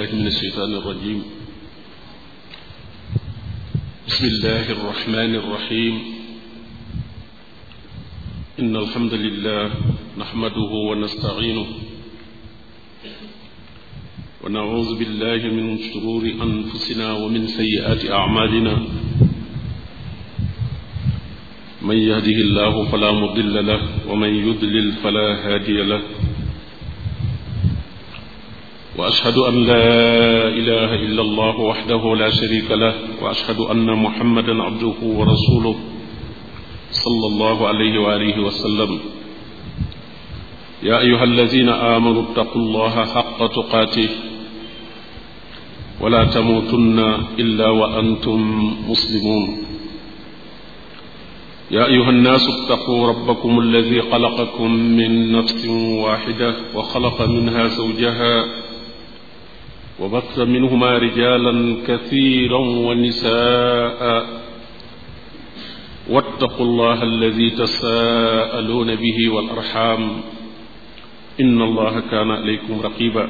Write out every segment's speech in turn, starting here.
الله من الشيطان الرجيم بسم الله الرحمن الرحيم إن الحمد لله نحمده ونستعينه ونعوذ بالله من شرور أنفسنا ومن سيئات أعمالنا من يهده الله فلا مضل له ومن يضلل فلا هادي له واشهد ان لا اله الا الله وحده لا شريك له واشهد ان محمدا عبده ورسوله صلى الله عليه واله وسلم يا ايها الذين امنوا اتقوا الله حق تقاته ولا تموتن الا وانتم مسلمون يا أيها الناس اتقوا ربكم الذي خلقكم من نفس واحدة وخلق منها زوجها وبث منهما رجالا كثيرا ونساء واتقوا الله الذي تساءلون به والأرحام إن الله كان عليكم رقيبا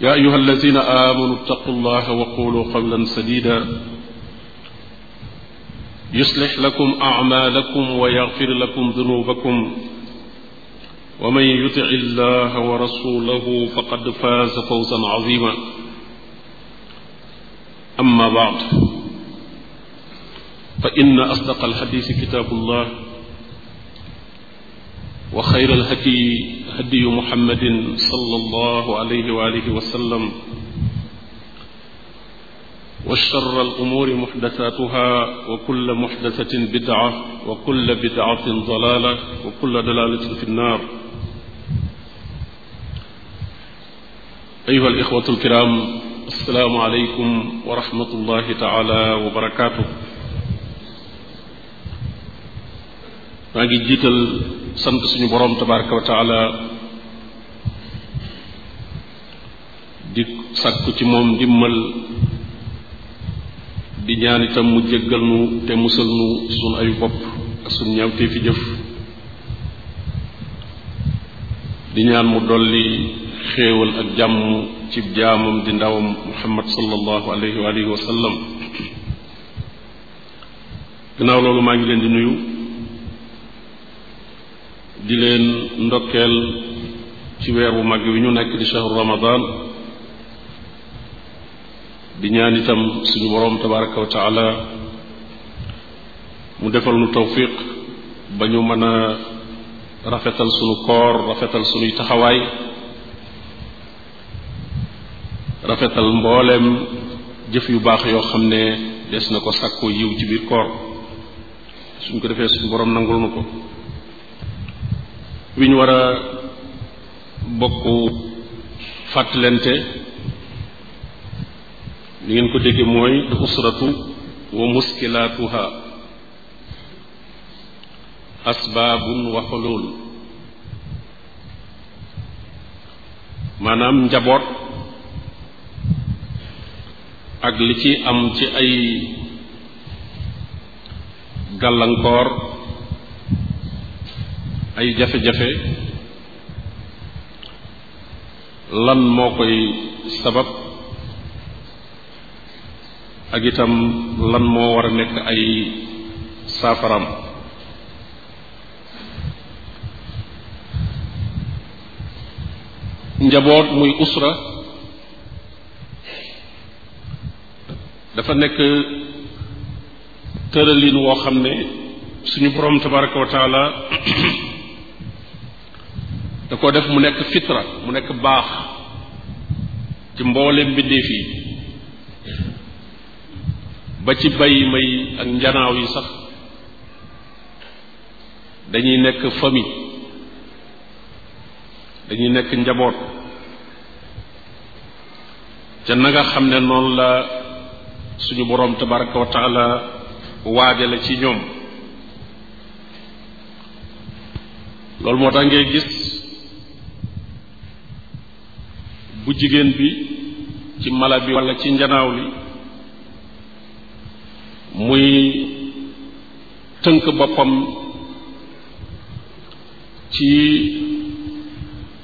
يا أيها الذين آمنوا اتقوا الله وقولوا قولا سديدا يصلح لكم أعمالكم ويغفر لكم ذنوبكم ومن يطع الله ورسوله فقد فاز فوزا عظيما أما بعد فإن أصدق الحديث كتاب الله وخير الهدي هدي محمد صلى الله عليه وآله وسلم وشر الأمور محدثاتها وكل محدثة بدعة وكل بدعة ضلالة وكل دلالة في النار ayuha al ixwatu alkiram aleykum wa rahmatullahi wa barakaatu maa ngi jiital sant suñu boroom tabaraka wa taala di sàkku ci moom dimmal di ñaan itam mu jéggal nu te musal nu suñ ayu bopp ak suñ ñaawtee fi jëf di ñaan mu dolli xéewal ak jàmm ci jaamam di ndawam muhammad sallallahu alayhi wa alihi gannaaw loolu maa ngi leen di nuyu di leen ndokkeel ci weer bu mag wi ñu nekk di shahru ramadan di ñaan itam suñu boroom tabaraka wa taala mu defal nu tawfiq ba ñu mën a rafetal sunu koor rafetal sunuy taxawaay rafetal mbooleem jëf yu baax yoo xam ne des na ko sàkkoo yiw ci biir koor suñ ko defee suñ boroom nangul na ko wi ñu war a bokk fàttalente li ngeen ko déggee mooy usratu wa muskilaatuha asbaabun wa loolu maanaam njaboot ak li ci am ci ay gàllankoor ay jafe-jafe lan moo koy sabab ak itam lan moo war a nekk ay saafaram njaboot muy usra dafa nekk tëralin woo xam ne suñu borom tabaraka wa da ko def mu nekk fitra mu nekk baax ci mboolem mbindeef yi ba ci bay may ak njanaaw yi sax dañuy nekk famille dañuy nekk njaboot ca na nga xam ne noonu la suñu boroom tabaraka wa waaja la ci ñoom loolu moo tax ngay gis bu jigéen bi ci mala bi walla ci njanaaw li muy tënk boppam ci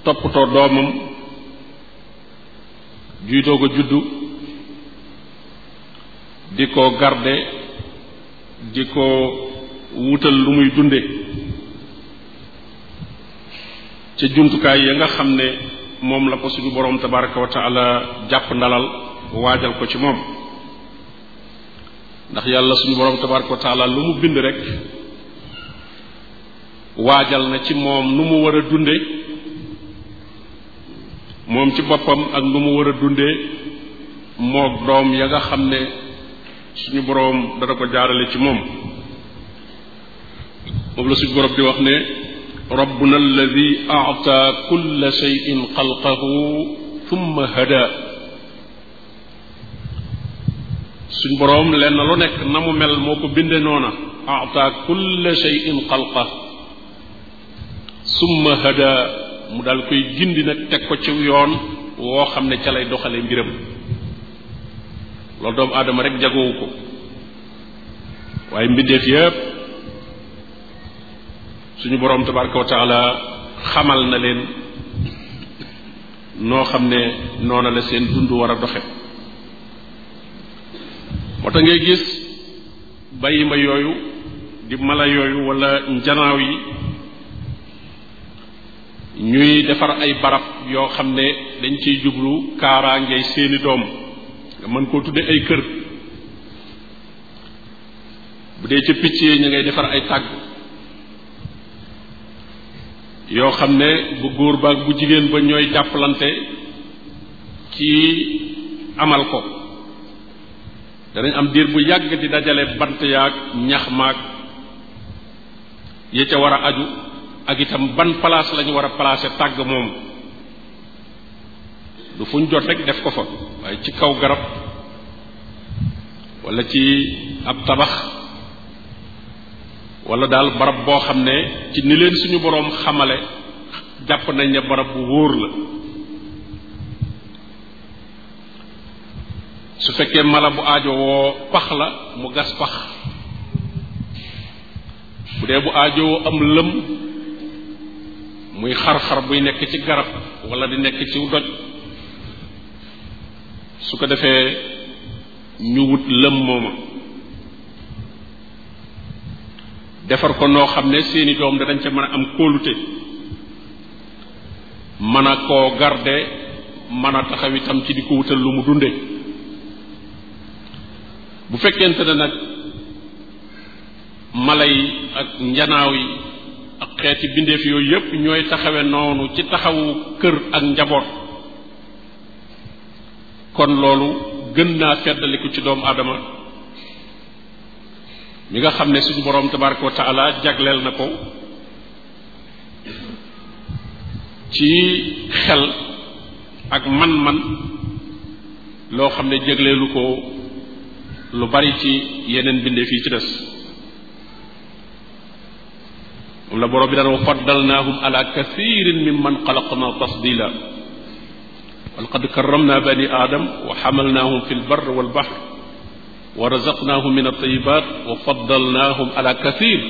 toppatoo doomam juy doog juddu di ko garde di ko wutal lu muy dunde ca jumtukaay ya nga xam ne moom la ko suñu borom tabaraka wa taala jàpp ndalal waajal ko ci moom ndax yàlla suñu borom tabaraka wa taala lu mu bind rek waajal na ci moom nu mu war a dunde moom ci boppam ak lu mu war a dunde moog doom ya nga xam ne suñu boroom dana ko jaarale ci moom moom la suñu boroom di wax ne rabbuna alladi aata kulla sheyin xalqahu thumma hada suñ boroom lenn lu nekk na mu mel moo ko binde noona aata kulla sheyin xalqa summa hada mu daal koy gindi nag teg ko ci yoon woo xam ne ca lay doxale mbiram loolu doomu aadama rek jagoowu ko waaye mbindeef yépp suñu boroom tabaraka wa taala xamal na leen noo xam ne noona la seen dund war a doxe moo tax ngay gis bayima yooyu di mala yooyu walla njanaaw yi ñuy defar ay barab yoo xam ne dañ ciy jublu kaaraangey seeni doom nga mën koo tuddee ay kër bu dee ca picc yi ñu ngay defar ay tàgg yoo xam ne bu góor baag bu jigéen ba ñooy jàppalante ci amal ko danañ am diir bu yàgg di dajale bant yaag ñax maag ya ca war a aju ak itam ban place lañu war a placer tàgg moomu du fu ñu jot rek def ko fa waaye ci kaw garab walla ci ab tabax wala daal barab boo xam ne ci ni leen suñu boroom xamale jàpp nañ ne barab bu wóor la su fekkee mala bu aajo woo pax la mu gas pax bu dee bu aajo woo am lëm muy xar-xar buy nekk ci garab wala di nekk ci doj su ko defee ñu wut lëm mooma defar ko noo xam ne seeni doom danañ ca mën a am kóolute mën a ko garde mën a taxaw itam ci di ko wutal lu mu dunde bu fekkente ne nag mala yi ak njanaaw yi ak xeeti bindeef yooyu yépp ñooy taxawe noonu ci taxawu kër ak njaboot kon loolu gën naa feddaliku ci doomu aadama mi nga xam ne suñu boroom tabaraka wa taala jagleel na ko ci xel ak man-man loo xam ne jagleelu ko lu bari ci yeneen bindeef yi ci des moom la boroom bi daan wa faddalnaahum ala kathirin mimman xalaqna tafdila walqad karamna bani aadam wa xamalnaahum fi lbar walbahr wa razaqnaahum min altayibat wa faddalnaahum ala kathir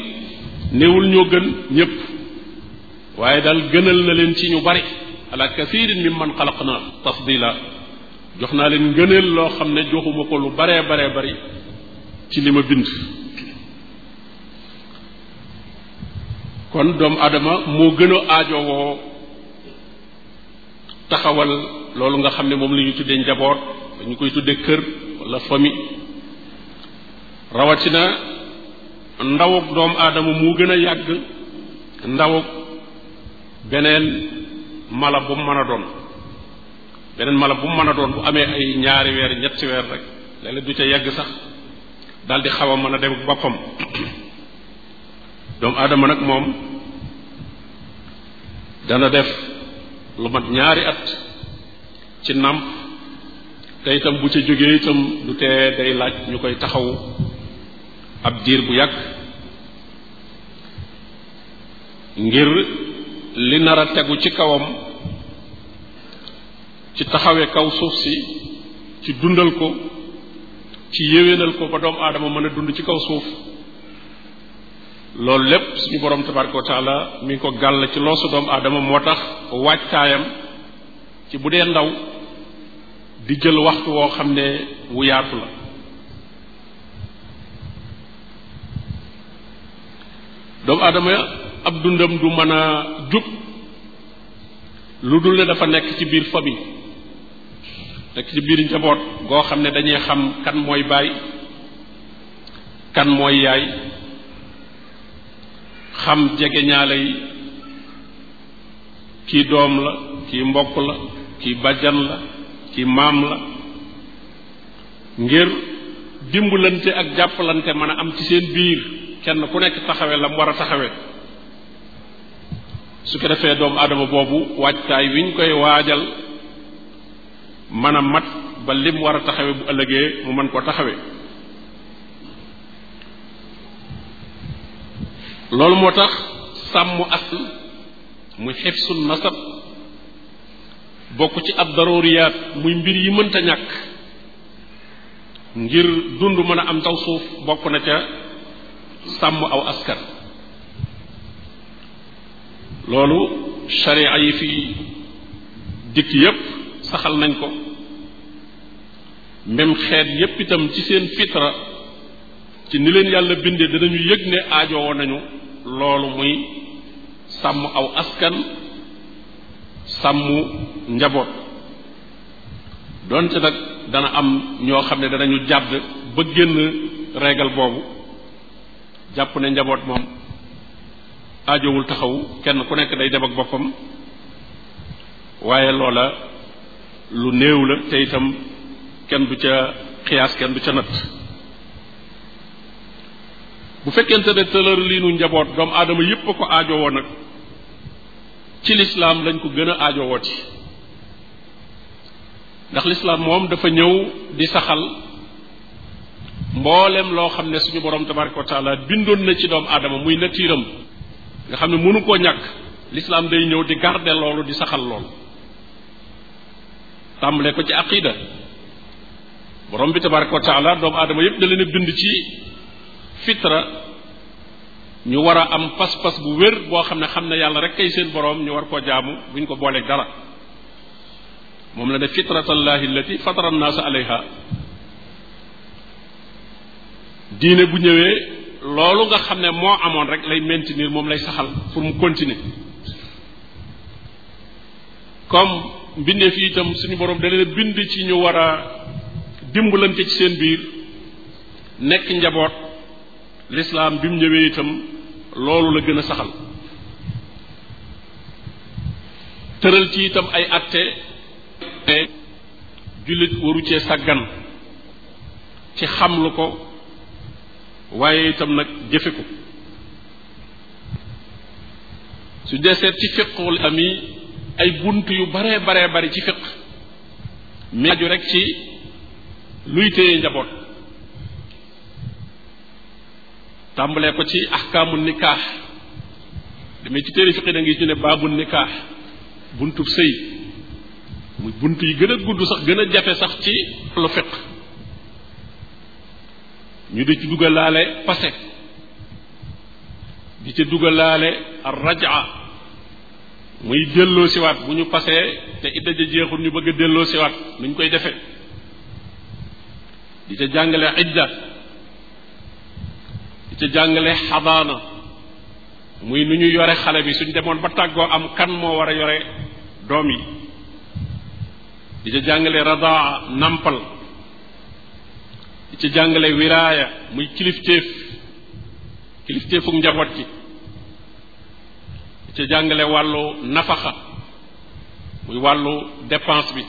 néewul ñoo gën ñépp waaye daal gënal na leen ci ñu bari ala kathirin min man xalaqna tafdila jox naa leen ngëneel loo xam ne joxuma ko lu baree baree bari ci li ma bind kon doomu aadama moo gën a aajowoo taxawal loolu nga xam ne moom la ñu tuddee njaboot dañu koy tuddee kër wala famille rawatina ndawuk doomu aadama mu gën a yàgg ndawuk beneen mala bu mu mën a doon beneen mala bu mën a doon amee ay ñaari weer ñetti weer rek léeg-léeg du ca yàgg sax daal di xaw a mën a dem ak boppam doomu aadama nag moom dana def lu mat ñaari at ci nàmp te itam bu ca jógee itam du tee day laaj ñu koy taxaw ab diir bu yàgg ngir li nar a tegu ci kawam ci taxawee kaw suuf si ci dundal ko ci yéwénal ko ba doomu aadama mën a dund ci kaw suuf loolu lépp suñu borom tabaraka wa taala mi ngi ko gàll ci loosu doomu aadama moo tax waajtaayam ci bu dee ndaw di jël waxtu woo xam ne wu yaatu la doomu aadama ab dundam du mën a jub lu dul ne dafa nekk ci biir famille nekk ci biir njaboot goo xam ne dañuy xam kan mooy baay kan mooy yaay xam jege ñaale yi kii doom la kii mbokk la kii bàjjan la kii maam la ngir dimbalante ak jàppalante mën a am ci seen biir kenn ku nekk taxawe la mu war a taxawe su ko defee doomu aadama boobu waajtaay wi ñu koy waajal mën a mat ba lim war a taxawe bu ëllëgee mu mën koo taxawe loolu moo tax sàmm asl mu xifsul nasab bokk ci ab daruriyaat muy mbir yi mënta ñàkk ngir dund mën a am taw suuf bokk na ca sàmm aw askan loolu sharia yi fi dikk yépp saxal nañ ko même xeet yépp itam ci seen fitra ci ni leen yàlla bindee danañu yëg ne aajowoo nañu loolu muy sàmm aw askan sàmm njaboot donte nag dana am ñoo xam ne danañu jàdd ba génn régal boobu jàpp ne njaboot moom ajowul taxaw kenn ku nekk day dem ak boppam waaye loola lu néew la te tam kenn du ca xiyaas kenn du ca natt bu fekkente ne tëlër lii njaboot doom aadama yépp a ko aajowoo nag ci lislaam lañ ko gën a wooti ndax lislaam moom dafa ñëw di saxal mboolem loo xam ne suñu borom tabaraka wa bindoon na ci doomu aadama muy natiiram nga xam ne mënu koo ñàkk lislaam day ñëw di garder loolu di saxal loolu tàmbale ko ci aqida borom bi tabaraka wa doomu aadama yépp da leen bind ci fitra ñu war a am pas-pas bu wér boo xam ne xam ne yàlla rek ay seen boroom ñu war koo jaamu buñ ko booleeg dara moom la ne fitratallahi allati fatara annaasa alayha diine bu ñëwee loolu nga xam ne moo amoon rek lay maintenir moom lay saxal pour mu continuer comme mbindeef yi itam suñu boroom da leen bind ci ñu war a dimbalante ci seen biir nekk njaboot lislaam bi mu ñëwee itam loolu la gën a saxal tëral ci itam ay atte te jullit waru cee sàggan ci xam lu ko waaye itam nag jëfe ko su deseet ci fiqul ami ay bunt yu bare baree bari ci fiq mais aju ci luy téye njaboot tàmbalee ko ci axkaamu nikaax demee ci téere fiqi da ngay ci ne baabu nikaax buntub sëy muy bunt yi gën a gudd sax gën a jafe sax ci lu fiq ñu di ci dugalaale pase di ci dugalaale raja muy delloo siwaat bu ñu pasee te idda ja ñu bëgg a delloo siwaat nuñ koy defe di ca jàngale idda ci jàngale xadaana muy nu ñu yore xale bi suñ demoon ba tàggoo am kan moo war a yore doom yi di ca jàngale radaa nàmpal ci ca jàngale wilaaya muy kilifteef kilifteefuk njaboot gi ci jàngale wàllu nafaxa muy wàllu dépense bi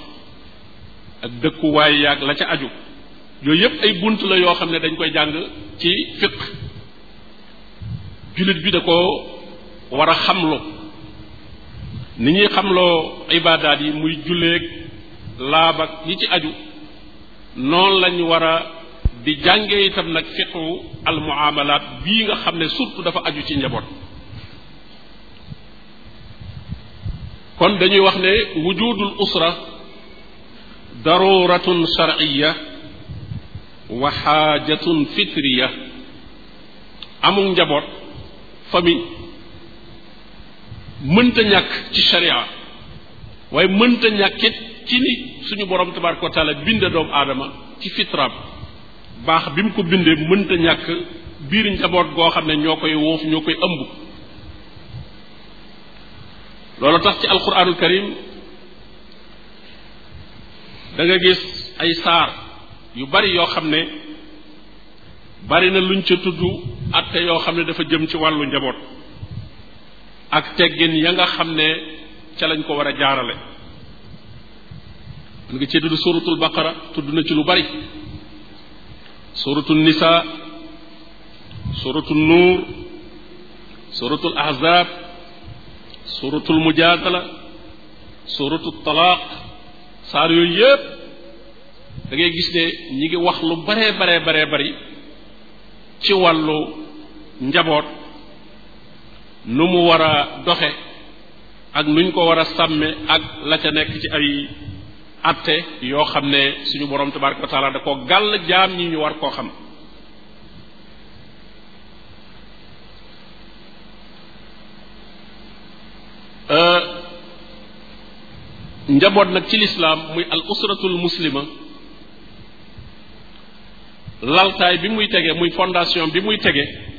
ak dëkkuwaay yàgg la ci aju yooyu yëpp ay bunt la yoo xam ne dañ koy jàng ci fiq jullit bi da ko war a xamloo ni ñuy xamloo ibaadaat yi muy julleeg laab ak ñi ci aju noonu lañ war a di jàngee itam nag fiqu al muamalaat bii nga xam ne surtout dafa aju ci njaboot kon dañuy wax ne wujudul usra daruratun sharciya wa xaajatun fitriya amul njaboot famille mënta ñàkk ci sharia waaye mënta ñàkkit ci ni suñu borom tabaraka wa taala binde doomu aadama ci fitraam baax bi mu ko bindee mënta ñàkk biir njaboot goo xam ne ñoo koy woof ñoo koy ëmb loolu tax ci alquranul karim da gis ay saar yu bari yoo xam ne bari na luñ ca tudd atte yoo xam ne dafa jëm ci wàllu njaboot ak teggin ya nga xam ne ca lañ ko war a jaarale mën ngi ci tudd suratul baqara tudd na ci lu bari suratul nisa suratul nuur suratul ahzab suratul mujaadala suratul talaaq saar yooyu yépp da ngay gis ne ñi ngi wax lu baree baree baree bari ci wàllu njaboot nu mu war a doxe ak nuñ ko war a sàmme ak la ca nekk ci ay atte yoo xam ne suñu borom tabaraka wa taala da ko gàll jaam ñi ñu war koo xam euh, njaboot nag ci lislaam muy al usratul muslima laltaay bi muy tegee muy fondation bi muy tege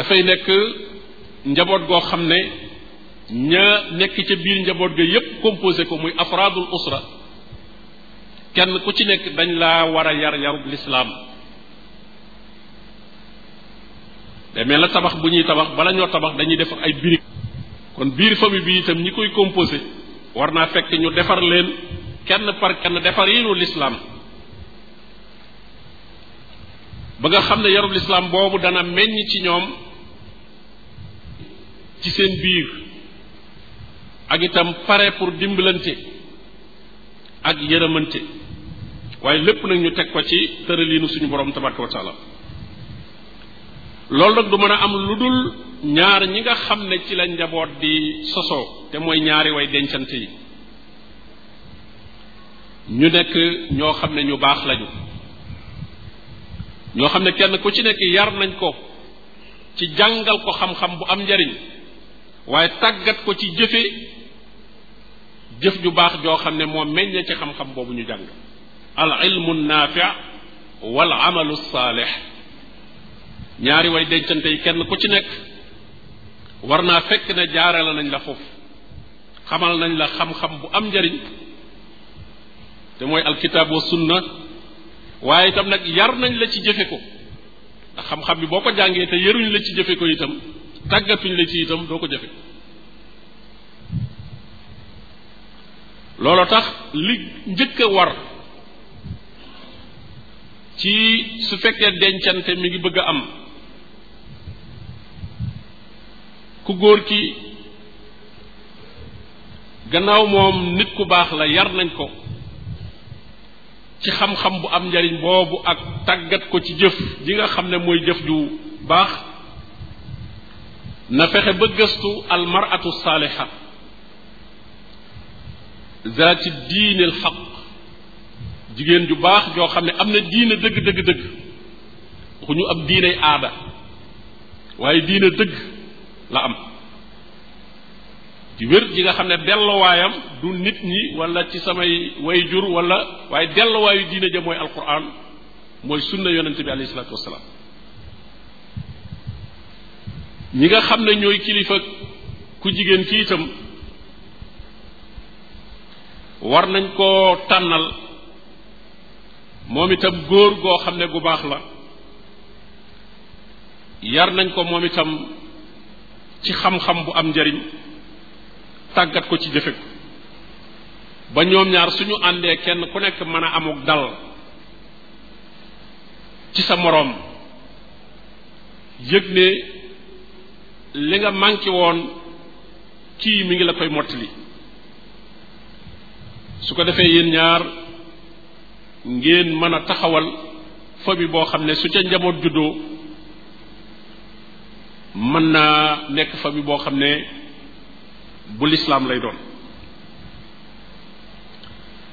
dafay nekk njaboot goo xam ne ña nekk ca biir njaboot ga yépp composé ko muy afraadul usra kenn ku ci nekk dañ laa war a yar yarub lislaam demee la tabax bu ñuy tabax bala ñoo tabax dañuy def ay birig kon biir famille bi itam ñi koy composé war naa fekk ñu defar leen kenn par kenn defar yiinu lislaam ba nga xam ne yarub lislaam boobu dana meññ ci ñoom ci seen biir ak itam pare pour dimbalante ak yërëmante waaye lépp nag ñu teg ko ci tëraliinu suñu borom tabaraka wa taala loolu nag du mën a am lu dul ñaar ñi nga xam ne ci la njaboot di sosoo te mooy ñaari way dencante yi ñu nekk ñoo xam ne ñu baax lañu ñoo xam ne kenn ku ci nekk yar nañ ko ci jàngal ko xam-xam bu am njariñ waaye tàggat ko ci jëfe jëf ju baax joo xam ne moo meññee ci xam-xam boobu ñu jàng al ilmu naafi wal amalu saalix ñaari way dencante yi kenn ku ci nekk war naa fekk ne jaare la nañ la foofu xamal nañ la xam-xam bu am njariñ te mooy alkitaab wa sunna waaye itam nag yar nañ la ci jëfe ko ndax xam-xam bi boo ko jàngee te yaruñ la ci jëfe ko itam tàggatuñ la ci itam doo ko jafe loolu tax li njëkk war ci su fekkee dencante mi ngi bëgg a am ku góor ki gannaaw moom nit ku baax la yar nañ ko ci xam-xam bu am njariñ boobu ak tàggat ko ci jëf ji nga xam ne mooy jëf ju baax na fexe ba gëstu almaratu saaliha zaati diine jigéen ju baax joo xam ne am na diine dëgg dëgg dëgg waxuñu ab diiney aada waaye diine dëgg la am ci wér ji nga xam ne delluwaayam du nit ñi wala ci samay way jur wala waaye delluwaayu diine ja mooy alquran mooy sunna yonente bi alayhi salaatu wasalaam ñi nga xam ne ñooy kilifa ku jigéen ci itam war nañ koo tànnal moom itam góor goo xam ne gu baax la yar nañ ko moom itam ci xam-xam bu am njariñ tàggat ko ci jëfe ko ba ñoom ñaar suñu àndee kenn ku nekk mën a amuk dal ci sa moroom yëg ne li nga manqué woon kii mi ngi la koy mottali su ko defee yéen ñaar ngeen mën a taxawal fobi boo xam ne su ca njaboot juddoo mën naa nekk fobi boo xam ne bu lislaam lay doon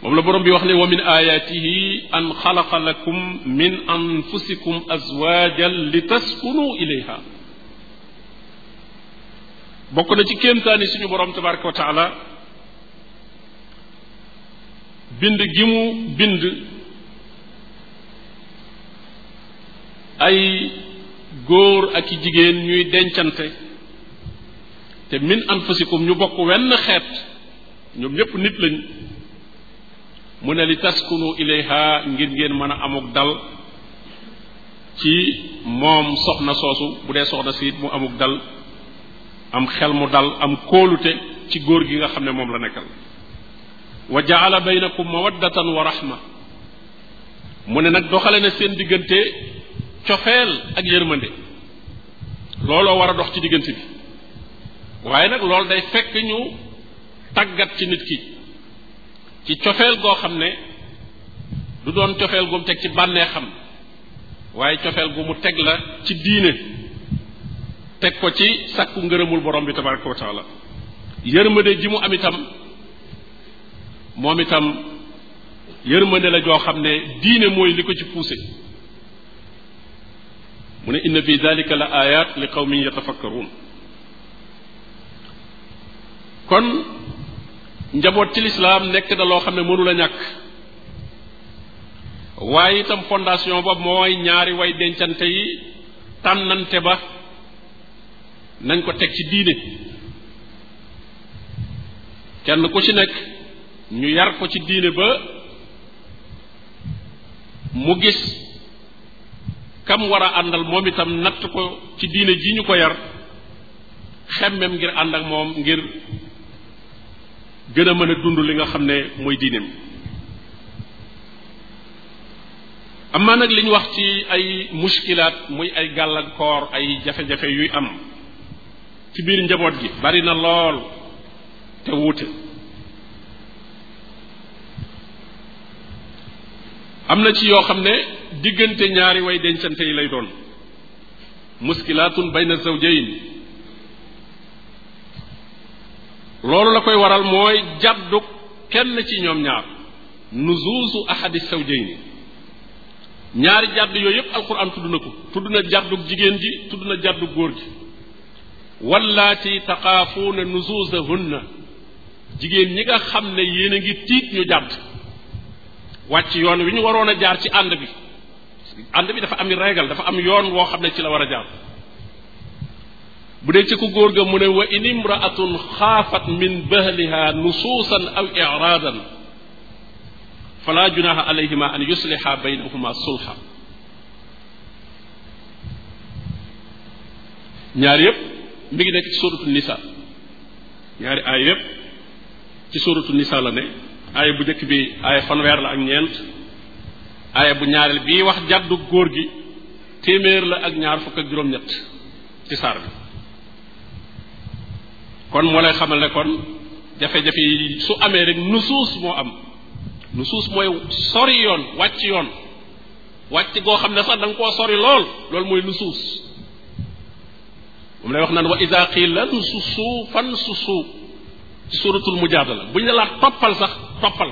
moom la borom bi wax ne wa min ayatihi an xalaqa lakum min anfusikum azwajan li taskunu ilayha bokk na ci kéemtaani suñu borom tabaraka wa bind gi mu bind ay góor ak i jigéen ñuy dencante te min anfusikum ñu bokk wenn xeet ñoom ñépp nit lañ mu ne li tas taskunu ilayha ngir ngeen mën a amuk dal ci moom soxna soosu bu dee soxna siit mu amuk dal am xel mu dal am kóolute ci góor gi nga xam ne moom la nekkal wa jaala baynakum mawaddatan wa rahma mu ne nag doxale na seen diggante cofeel ak yërmande looloo war a dox ci diggante bi waaye nag loolu day fekk ñu tàggat ci nit ki ci cofeel goo xam ne du doon cofeel gu mu teg ci bànnee xam waaye cofeel gu mu teg la ci diine teg ko ci sakku ngërëmul borom bi tabaraka wa taala yërmande ji mu am itam moom itam yërmande la joo xam ne diine mooy li ko ci poussé mu ne inna fi dalika la ayat li qawmin yatafakkaruun kon njaboot ci lislaam nekk na loo xam ne mënula ñàkk waaye itam fondation ba mooy ñaari way dencante yi tànnante ba nañ ko teg ci diine kenn ku ci nekk ñu yar ko ci diine ba mu gis kam war a àndal moom itam natt ko ci diine ji ñu ko yar xemmem ngir ànd ak moom ngir gën a mën dund li nga xam ne mooy diineem am na nag li wax ci ay muskilaat muy ay gàllankoor ay jafe-jafe yuy am ci biir njaboot gi bari na lool te wuute am na ci yoo xam ne diggante ñaari way dencante yi lay doon muskilaatun bayna zawjayn loolu la koy waral mooy jàddu kenn ci ñoom ñaar nuzuuzu ahadi zawjayni ñaari jàdd yooyu yépp alquran tudd na ko tudd na jàddug jigéen ji tudd na jàddug góor ji wallaati taqaafuuna nuzuzahunna jigéen ñi nga xam ne yéen a ngi tiit ñu jàdd wàcc yoon wi ñu waroon a jaar ci ànd bi ànd bi dafa am régal dafa am yoon woo xam ne ci la war a jaar bu dee ci ku góor ga mu ne wa in imraatun xaafat min bahliha nusuusan aw iraadan fala junaha alayhima an yusliha baynahuma sulha ñaar yépp mi ngi nekk ci sóoratu nisa ñaari aay yépp ci sóoratu nisa la ne aaya bu njëkk bi aaya fanweer la ak ñeent aaya bu ñaareel bi wax jàddu góor gi téeméer la ak ñaar fukk ak juróom-ñett ci saar bi kon moo lay xamal ne kon jafe-jafe yi su amee rek nusuus moo am nusuus mooy sori yoon wàcc yoon wàcc goo xam ne sax da koo sori lool loolu mooy nusuus moom lay wax naan wa ida qiila nsusu fan susu ci suratul mujaadala buñ la laa toppal sax toppal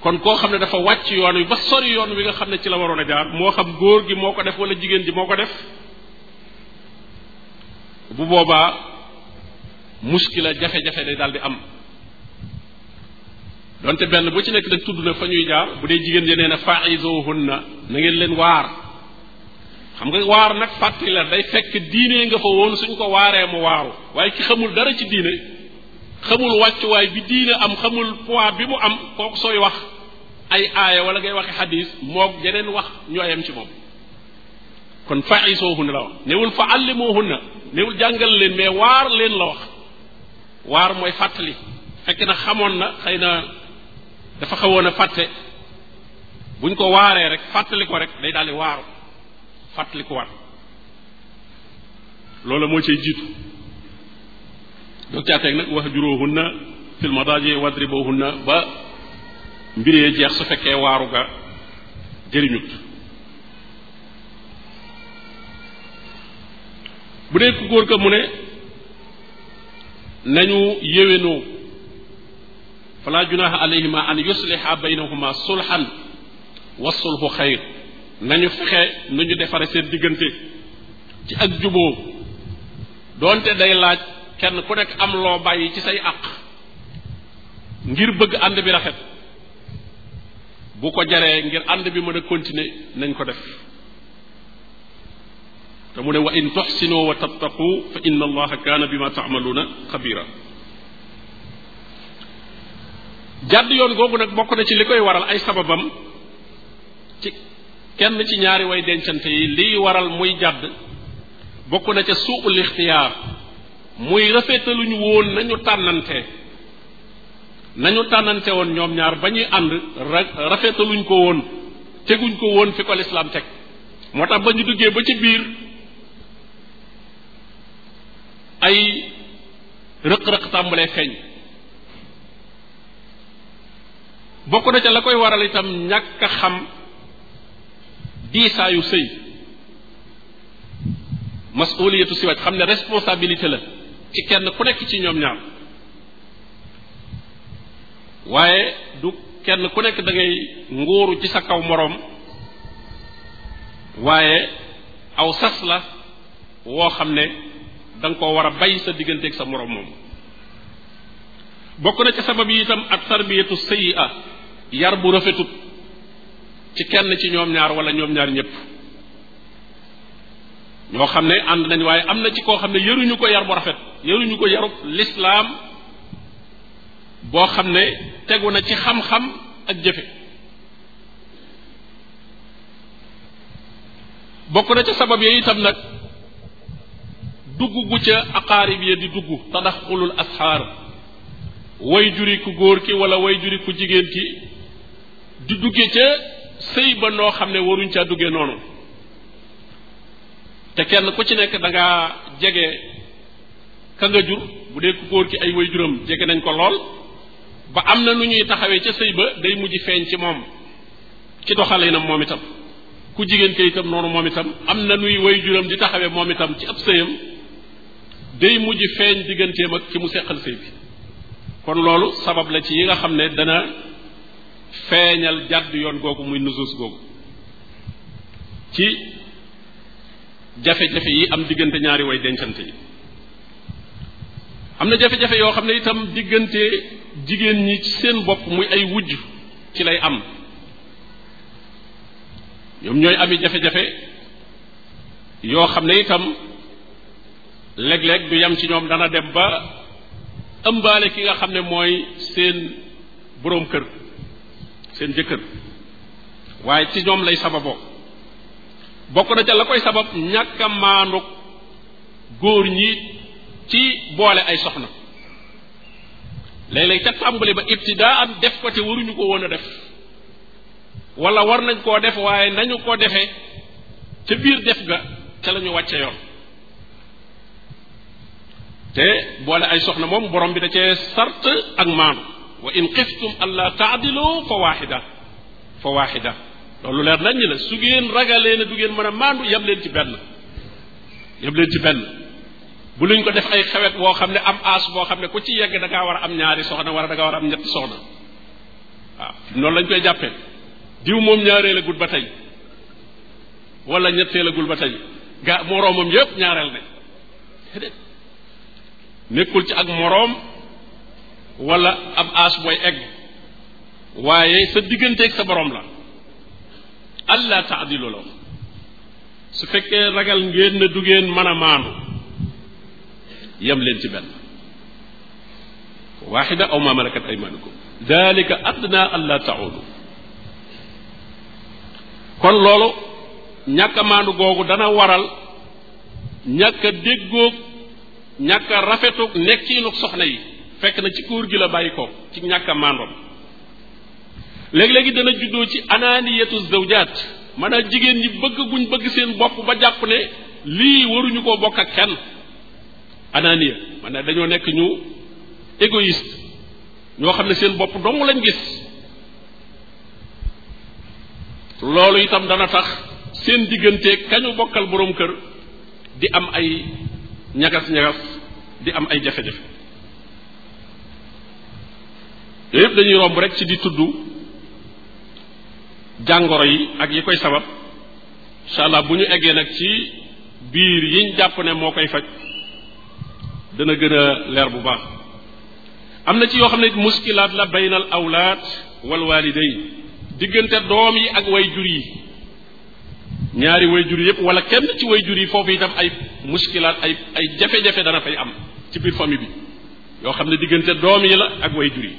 kon koo xam ne dafa wàcc yoon wi ba sori yoon wi nga xam ne ci la waroon a jaar moo xam góor gi moo ko def wala jigéen ji moo ko def bu boobaa muskila jafe-jafe day daal di am donte benn bu ci nekk nag tudd na fa ñuy jaar bu dee jigéen ji nee na faizuhunna na ngeen leen waar xam nga waar nag fàttali la day fekk diine nga fa woon suñ ko waaree mu waaru waaye ki xamul dara ci diine xamul wàccuwaay bi diine am xamul poids bi mu am kooku sooy wax ay aaya wala ngay waxe xadis moog yeneen wax ñooyam ci moom kon faisoohunna la wax newul fa na newul jàngal leen mais waar leen la wax waar mooy fàttali fekk na xamoon na xëy na dafa xawoon a fàtte buñ ko waaree rek fàttali ko rek day daal di waaru fàttalikuwaat loola moo cay jiitu dog caateeg nag wax juróohunna fil madaaji wadribohunna ba mbir jeex su fekkee waaru ga jëriñut bu dee ku góor ka mu ne nañu yéwénoo falaa junaha alayhima an yusliha baynahuma sulhan wa sulhu xayr nañu fexe nu ñu defare seen diggante ci ak juboo doonte day laaj kenn ku nekk am loo bàyyi ci say àq ngir bëgg ànd bi rafet bu ko jaree ngir ànd bi mën a continuer nañ ko def te mu ne wa in tuxsinu wa tattaqu fa inna allaha kaana bima taamaluuna xabira jàdd yoon googu nag bokk na ci li koy waral ay sababam kenn ci ñaari way dencante yi liy waral muy jàdd bokk na ca suul ixtiyaar muy rafetaluñu woon nañu tànnante nañu tànnante woon ñoom ñaar ba ñuy ànd rafetaluñ ko woon teguñ ko woon fi ko lislaam teg moo tax ba ñu duggee ba ci biir ay rëq-rëq tàmbalee feeñ bokk na ca la koy waral itam ñàkk a xam diisaayu sëy masuliyatu siwaaj xam ne responsabilité la ci kenn ku nekk ci ñoom ñaar waaye du kenn ku nekk dangay ngay nguuru ci sa kaw moroom waaye aw sas la woo xam ne da ko war a bay sa diggante digganteeg sa moroom moom bokk na ca sabab yi itam ak tarbiyatu sayyi'a yar bu rafetut ci kenn ci ñoom ñaar wala ñoom ñaar ñëpp ñoo xam ne ànd nañ waaye am na ci koo xam ne yaruñu ko yar bu rafet yaruñu ko yarub lislaam boo xam ne tegu na ci xam-xam ak jëfe bokk na ci sabab yooyu itam nag dugg gu ca aqaarib ya di dugg tadaxulul asxaar way juri ku góor ki wala way juri ku jigéen ki di dugge ca sëy ba noo xam ne waruñ caa duggee noonu te kenn ku ci nekk danga jege ka nga jur bu dee ku góor ki ay waajuram jege nañ ko lool ba am na nu ñuy taxawee ca sëy ba day mujj feeñ ci moom ci doxalinam moom itam ku jigéen kay itam moom itam am na nuy waajuram di taxawee moom itam ci ab sëyam day mujj feeñ digganteem ak ki mu seqal sëy bi kon loolu sabab la ci yi nga xam ne dana feeñal jàdd yoon googu muy nusus googu ci jafe-jafe yi am diggante ñaari way dencante yi am na jafe-jafe yoo xam ne itam diggante jigéen ñi ci seen bopp muy ay wujj ci lay am ñoom ñooy ami jafe-jafe yoo xam ne itam lekk léeg du yam ci ñoom dana dem ba ëmbaale ki nga xam ne mooy seen boroom kër seen jëkkër waaye ci ñoom lay sababoo bokk na ca la koy sabab ñàkk a maandu góor ñi ci boole ay soxna léeg-léeg ca tàmbali ba ibtidaan def ko te waruñu ko woon a def wala war nañ koo def waaye nañu ko defee ca biir def ga ca lañu wàcce yoon te boole ay soxna moom borom bi da cee sart ak maandu wa in xiftum allah taadilu fa waaxida fa waaxida loolu leer nañ ñi la su ngeen ragalee ne du ngeen mën a maandu yem leen ci benn yem leen ci benn bu luñ ko def ay xewet boo xam ne am aas boo xam ne ku ci yegg dangaa war a am ñaari soxna wala da ngaa war a am ñetti soxna noonu lañ koy jàppee diw moom ñaareel ba tey wala ñetteel ba tey gaa moroomam yépp ñaareel ne nekkul ci ak moroom wala ab aas booy egg waaye sa digganteeg sa boroom la allah taadilu la su fekkee ragal ngeen ne du ngeen mën a maandu yem leen ci benn waaxida aw maa malakat aymanukum dalika kon loolu ñàkk maandu googu dana waral ñàkk a déggoog ñàkk a rafetug nekkiinug soxna yi fekk na ci kóor gi la bàyyi ko ci ñàkk a léegi-léegi dana juddoo ci anaaniyatu zawjaat maanaam jigéen ñi bëgg guñ bëgg seen bopp ba jàpp ne lii waruñu ko bokk ak kenn anaaniya maanaam dañoo nekk ñu égoïste ñoo xam ne seen bopp dong lañ gis loolu itam dana tax seen diggante kañu bokkal boroom kër di am ay ñagas-ñagas di am ay jafe-jafe yooyu yëpp dañuy romb rek ci di tudd jàngoro yi ak yi koy sabab incha allah bu ñu eggee nag ci biir yiñ jàpp ne moo koy faj dana gën a leer bu baax am na ci yoo xam ne muskilaat la baynal awlaad wal waalidayn diggante doom yi ak way jur yi ñaari way jur yëpp wala kenn ci way jur yi foofu yi tam ay muskilaat ay ay jafe-jafe dana fay am ci biir famille bi yoo xam ne diggante doom yi la ak way jur yi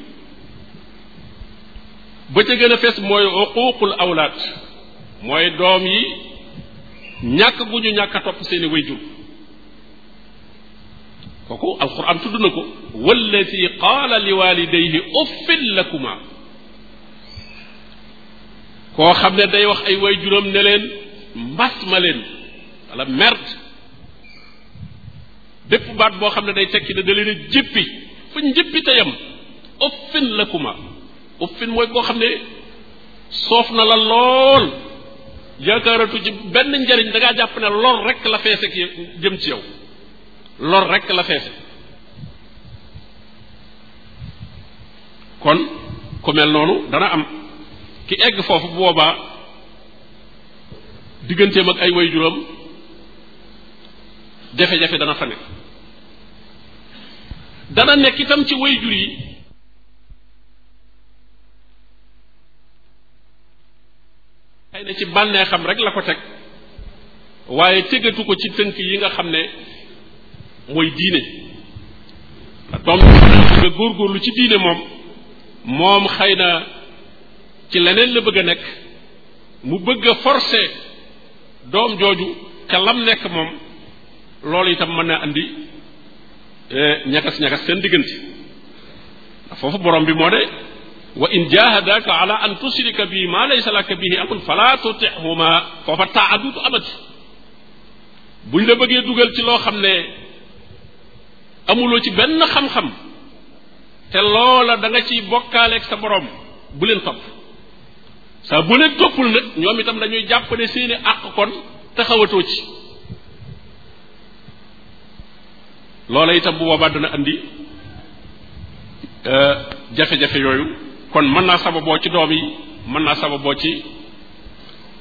ba ca gën a fes mooy uquuqul awlaat mooy doom yi ñàkk gu ñu ñàkk a topp seeni wayjur kooku alquran tudd na ko walladi qaala li walidayhi uffin lakuma koo xam ne day wax ay wayjuram ne leen mbas ma leen wala merde bépp baat boo xam ne day tekki ne da leen a jéppi fa njéppi tayam uffin uffin mooy koo xam ne soof na la lool yaakaaratu ci benn njariñ dangaa jàpp ne lor rek la feese ki jëm ci yow lor rek la feese kon ku mel noonu dana am ki egg foofu boobaa digganteem ak ay waajuram jafe-jafe dana fa nekk dana nekk itam ci waajur yi xëy na ci xam rek la ko teg waaye tegatu ko ci tënk yi nga xam ne mooy diine doom nga góorgóorlu ci diine moom moom xay na ci leneen la bëgg a nekk mu bëgg a doom jooju ca lam nekk moom loolu itam mën na indi eh, ñagas ñagas seen diggante foofu borom bi moo de wa in jahadaka ala an tushrika bi ma laysa laka bihi amul fala tutihuma foofa taa duutu amati buñ la bëggee dugal ci loo xam ne amuloo ci benn xam-xam te loola danga ci ciy bokkaaleeg sa borom bu leen topp saa bu leen toppul nag ñoom itam dañuy jàpp ne seeni àq kon taxawatoo ci loola itam bu boobaa dana andi euh, jafe-jafe yooyu kon mën naa sababoo ci doom yi mën naa sababoo ci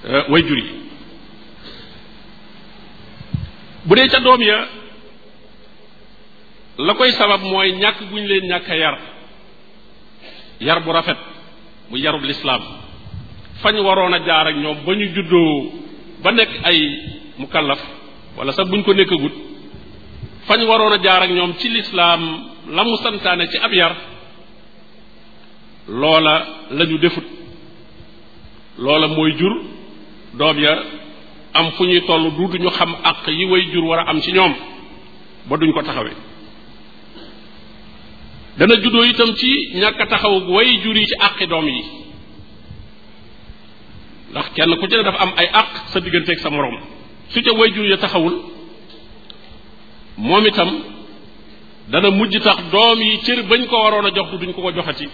euh, wayjur yi bu dee ca doom ya la koy sabab mooy ñàkk gu ñu leen ñàkk yar yar bu rafet bu yarub lislaam fañ waroon a jaar ak ñoom ba ñu juddoo ba nekk ay mukallaf wala sax buñ ko nekkagut fañ waroon a jaar ak ñoom ci lislaam la mu santaane ci ab yar loola la ñu defut loola mooy jur doom ya am fu ñuy toll ñu xam àq yi way jur war a am ci ñoom ba duñ ko taxawee dana juddoo itam ci ñàkk a taxaw way jur yi ci àqi doom yi ndax kenn ku ci ne dafa am ay àq sa digganteeg sa moroom su ca way jur ya taxawul moom itam dana mujj tax doom yi cër bañ ko waroon a jox duñ ko ko ci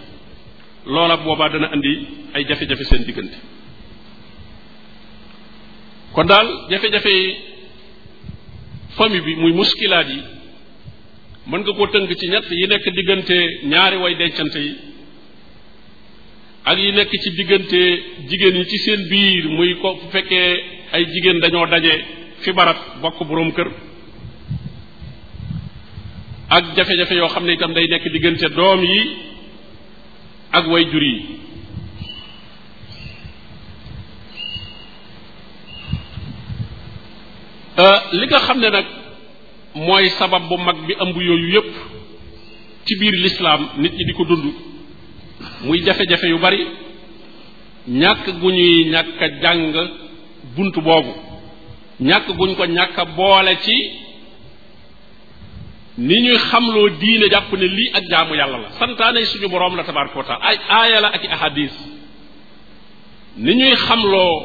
loola boobaa dana indi ay jafe-jafe seen diggante kon daal jafe-jafe famille bi muy muskilaat yi mën nga koo tënk ci ñett yi nekk diggante ñaari way dencante yi ak yi nekk ci diggante jigéen yi ci seen biir muy ko fekkee ay jigéen dañoo daje fi barab bokk boroom kër ak jafe-jafe yoo xam ne itam day nekk diggante doom yi ak way jur yi euh, li nga xam ne nag mooy sabab bu mag bi ëmb yooyu yépp ci biir lislaam nit ñi di ko dund muy jafe-jafe yu bari ñàkk gu ñuy ñàkk jàng bunt boobu ñàkk guñ ko ñàkk boole ci ni ñuy xamloo diine jàpp ne lii ak jaamu yàlla la santaane suñu boroom la tabaraka wa taala ay aaya ak i ahadis ni ñuy xamloo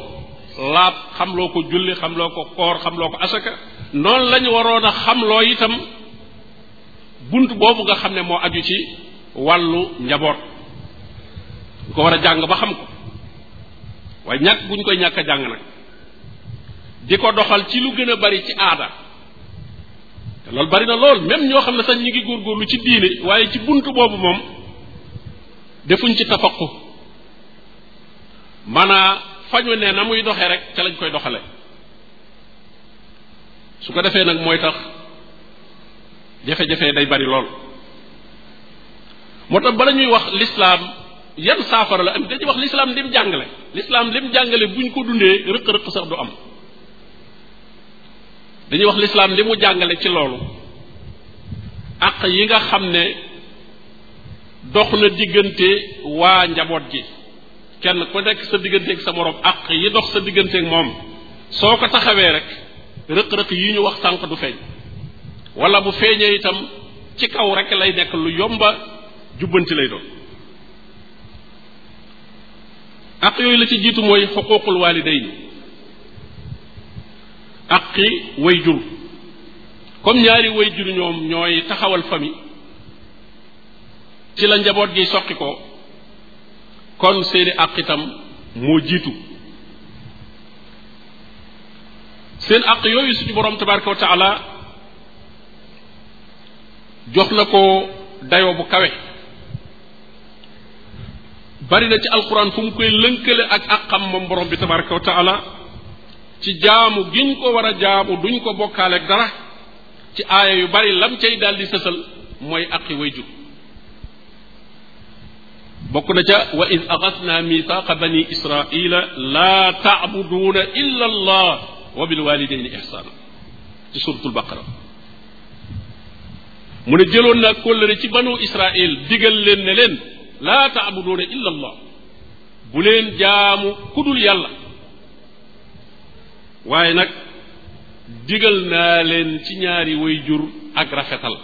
laab xamloo ko julli xamloo ko koor xamloo ko asaka noonu lañu waroon a xamloo itam bunt boobu nga xam ne moo aju ci wàllu njaboot ñu ko war a jàng ba xam ko waaye ñàkk bu ñu koy ñàkka jàng nag di ko doxal ci lu gën a bari ci aada loolu bari na lool même ñoo xam ne sax ñi ngi góorgóorlu ci diine waaye ci bunt boobu moom defuñ ci tafaqu maanaa fañu ne na muy doxee rek ca lañ koy doxale su ko defee nag mooy tax jafe-jafe day bari lool moo tax bala ñuy wax lislaam yan saafara la am dañuy wax lislaam lim jàngale lislaam lim jàngale buñ ko dundee rëq-rëq sax du am dañuy wax lislaam li mu jàngale ci loolu àq yi nga xam ne dox na diggante waa njaboot gi kenn ku nekk sa digganteeg sa moroom àq yi dox sa digganteeg moom soo ko taxawee rek rëq yi ñu wax sànq du feeñ walla bu feeñee itam ci kaw rek lay nekk lu yomba jubbanti lay doon àq yooyu la ci jiitu mooy xuququl waalidayni aqi way jur comme ñaari way jur ñoom ñooy taxawal famille ci la njaboot gi soqi ko kon seeni aq itam moo jiitu seen aq yooyu suñu borom tabaraka wa taala jox na ko dayo bu kawe bari na ci alxuraan fu mu koy lënkale ak àqam moom borom bi tabaraka wa taala ci jaamu giñ ko war a jaamu duñ ko bokkaaleeg dara ci aaya yu bari lam cay daldi sësal mooy aqi way jur bokk na ca wa id axasna mithaqa bani israila laa taabuduuna illa allah wa bilwalidaini ihsaana ci suratul baqara mu ne jëloon naa kóllëre ci banu israil digal leen ne leen laa taabuduuna illa allah bu leen jaamu kudul yàlla waaye nag digal naa leen ci ñaari way jur ak rafetal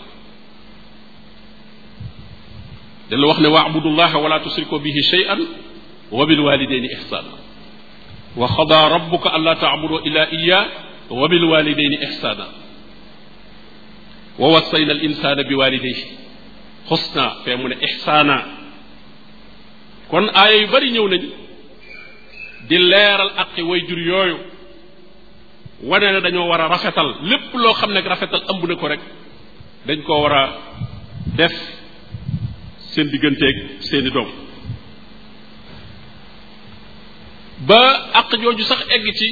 dala wax ne waabudullaha wala tusriku bihi shay'an wa bil walidayni ihsana wa xada rabbuka an illa iya wa bil walidayni ihsana wa wassayna al bi walidayhi xusna fee ihsana kon aaya bari ñëw nañ di leeral aqi way jur yooyu wane na dañoo war a rafetal lépp loo xam ne rafetal ëmb ne ko rek dañ koo war a def seen digganteeg seeni doom ba àq jooju sax egg ci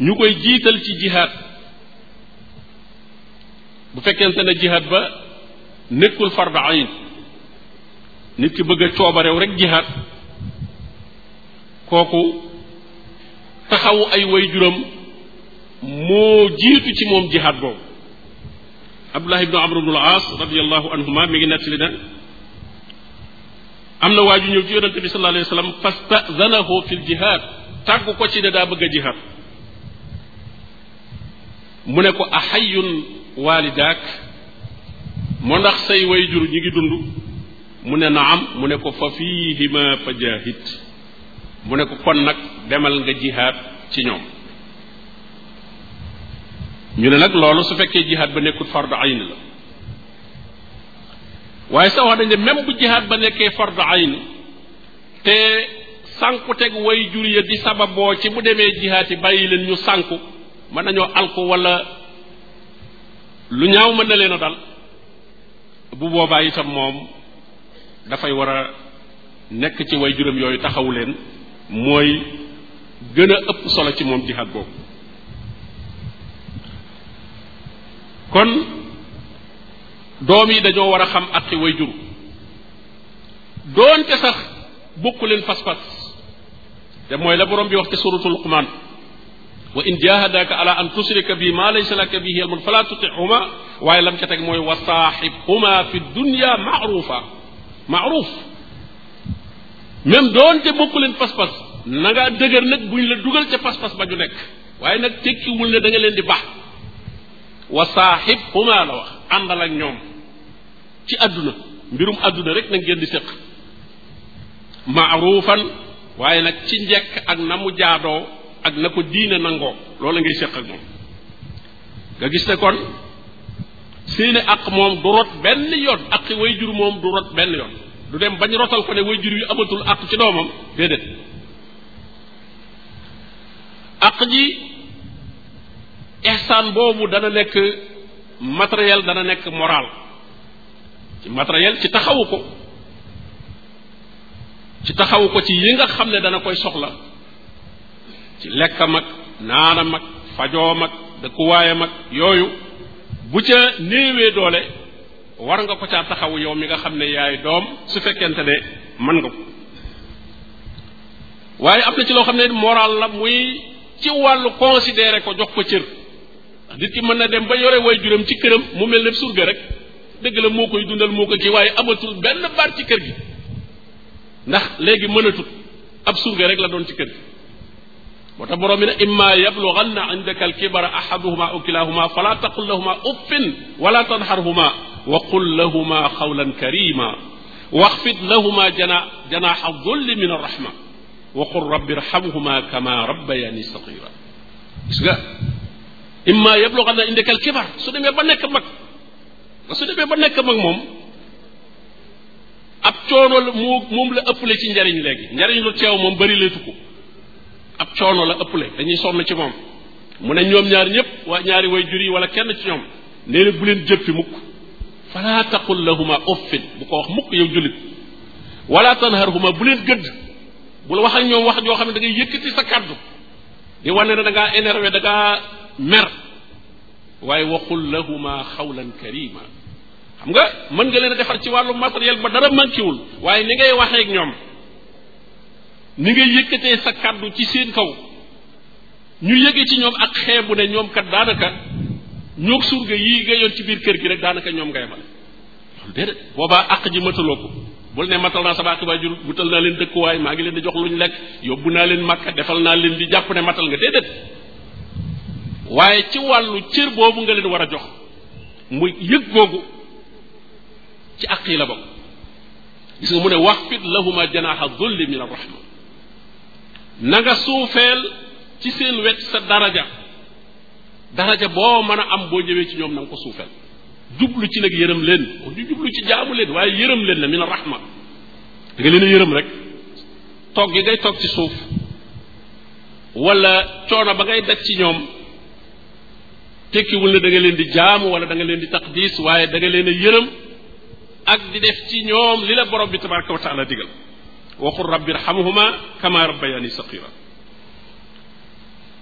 ñu koy jiital ci jihaad bu fekkente ne jihaad ba nekkul fardu ayn nit ki bëgg a coobarew rek jihaad kooku taxawu ay wayjuram moo jiitu ci moom jihaad boobu abdullah ibnu amr ibnul aas radiallahu anhuma mi ngi nettali ne am na waa ju ñëw ci yonente bi sallallahu alayhi wa sallam fastazanahu fi l jihaad tàggu ko ci ne daa bëgg a jihaad mu ne ko axayun waalidaak moo ndax say wayjur ñi ngi dund mu ne naam mu ne ko fa fiihima fa jaahid mu ne ko kon nag demal nga jihaad ci ñoom ñu ne nag loolu su fekkee jihaad ba nekkul fardu ayn la waaye sa wax dañ ne même bu jihaad ba nekkee fardu ayn te sànku teg way jur ya di sababoo ci mu demee jihaad yi bàyyi leen ñu sànku mën nañoo alku wala lu ñaaw mën na leen dal bu boobaa itam moom dafay war a nekk ci way juram yooyu taxawu leen mooy gën a ëpp solo ci moom jihaad boobu kon doom yi dañoo war a xam aqi way jur doonte sax bokku leen fas-fas te mooy la borom bi wax ci suratu luqman wa in jahadaka ala an tushrika bi ma laysa laka bihi ilmun fala tutihuma waaye lam ca teg mooy wa saaxibhuma fi dunya maarufa maaruf même doonte bokku leen pas-pas na ngaa dëgër nag buñ la dugal ca pas-pas ba ñu nekk waaye nag tekkiwul ne da nga leen di baax wa saaxib xumaa la wax àndal ak ñoom ci àdduna mbirum àdduna rek na ngeen di séq maaruufan waaye nag ci njekk ak na mu jaadoo ak na ko diine nangoo loolu ngay séq ak moom nga gis ne kon seeni aq moom du rot benn yoon aqi way jur moom du rot benn yoon lu dem bañ rotal ko ne way jur yu amatul àq ci doomam déedéet àq ji ihsaan boobu dana nekk matériel dana nekk moral ci matériel ci taxawu ko ci taxawu ko ci yi nga xam ne dana koy soxla ci lekkam ak naanam ak fajoom ak dëkkuwaayam ak yooyu bu ca néewee doole war nga ko caa taxawu yow mi nga xam ne yaay doom su fekkente ne man nga ko waaye am na ci loo xam ne moral la muy ci wàllu considéré ko jox ko cër nit ki mën na dem ba yore way juram ci këram mu mel ne surga rek dëgg la moo koy dundal moo ko kii waaye amatul benn baat ci kër gi ndax léegi mënatul ab surga rek la doon ci kër gi moo tax borom bi ne imma yablughanna indaka al kibara ahaduhuma aw kilahuma fala taqul lahuma uffin wala tanharhuma wa qul lahuma xawlan karima waxfid lahuma jana janaaxa dulli min arrahma wa qul rabbi irhamhuma kama rabbayani sagira gis nga imma yablughanna indaka alkibar su demee ba nekk mag su demee ba nekk moom ab coono la moo moom la ëpp le ci njariñ léegi njariñ lu teew moom bëri leetu ko ab coono la ëpp ëppale dañuy sonn ci moom mu ne ñoom ñaar ñëpp waa ñaari way jur yi wala kenn ci ñoom nee na bu leen jëppi mukk falaa taqul lahuma uffin bu ko wax mukk yow jullit wala tanharhuma bu leen gëdd bul wax ak ñoom wax joo xam ne dangay ngay yëkkati sa kàddu di wane ne da ngaa énervé da ngaa mer waaye waxul lahuma xawlan karima xam nga mën nga leen defar ci wàllu matériel ba dara manquéwul waaye ni ngay waxeeg ñoom ni ngay yëkkatee sa kàddu ci seen kaw ñu yëge ci ñoom ak xeebu ne ñoom kat daanaka ñoog surga yi nga yoon ci biir kër gi rek daanaka ñoom nga yemale boobaa àq ji mataloo ko bul ne matal naa sama àq wutal naa leen dëkkuwaay maa ngi leen di jox luñ lekk yóbbu naa leen màkka defal naa leen di jàpp ne matal nga déedéet waaye ci wàllu cër boobu nga leen war a jox mu yëg googu ci àq yi la bokk gis nga mu ne wax fit lahuma janaaxa dulli min arrahma na nga suufeel ci seen wet sa daraja daraja boo mën a am boo jëwee ci ñoom na ko suufeel jublu ci nag yërëm leen du jublu ci jaamu leen waaye yërëm leen la min rahma da nga leen a yërëm rek toog yi ngay toog ci suuf wala coono ba ngay daj ci ñoom tekkiwul ne da leen di jaamu wala da nga leen di taqdis waaye da nga leen a yërëm ak di def ci ñoom li la borom bi tabaraka wa taala digal waxul rabbi irhamhuma kama rabbayani saqira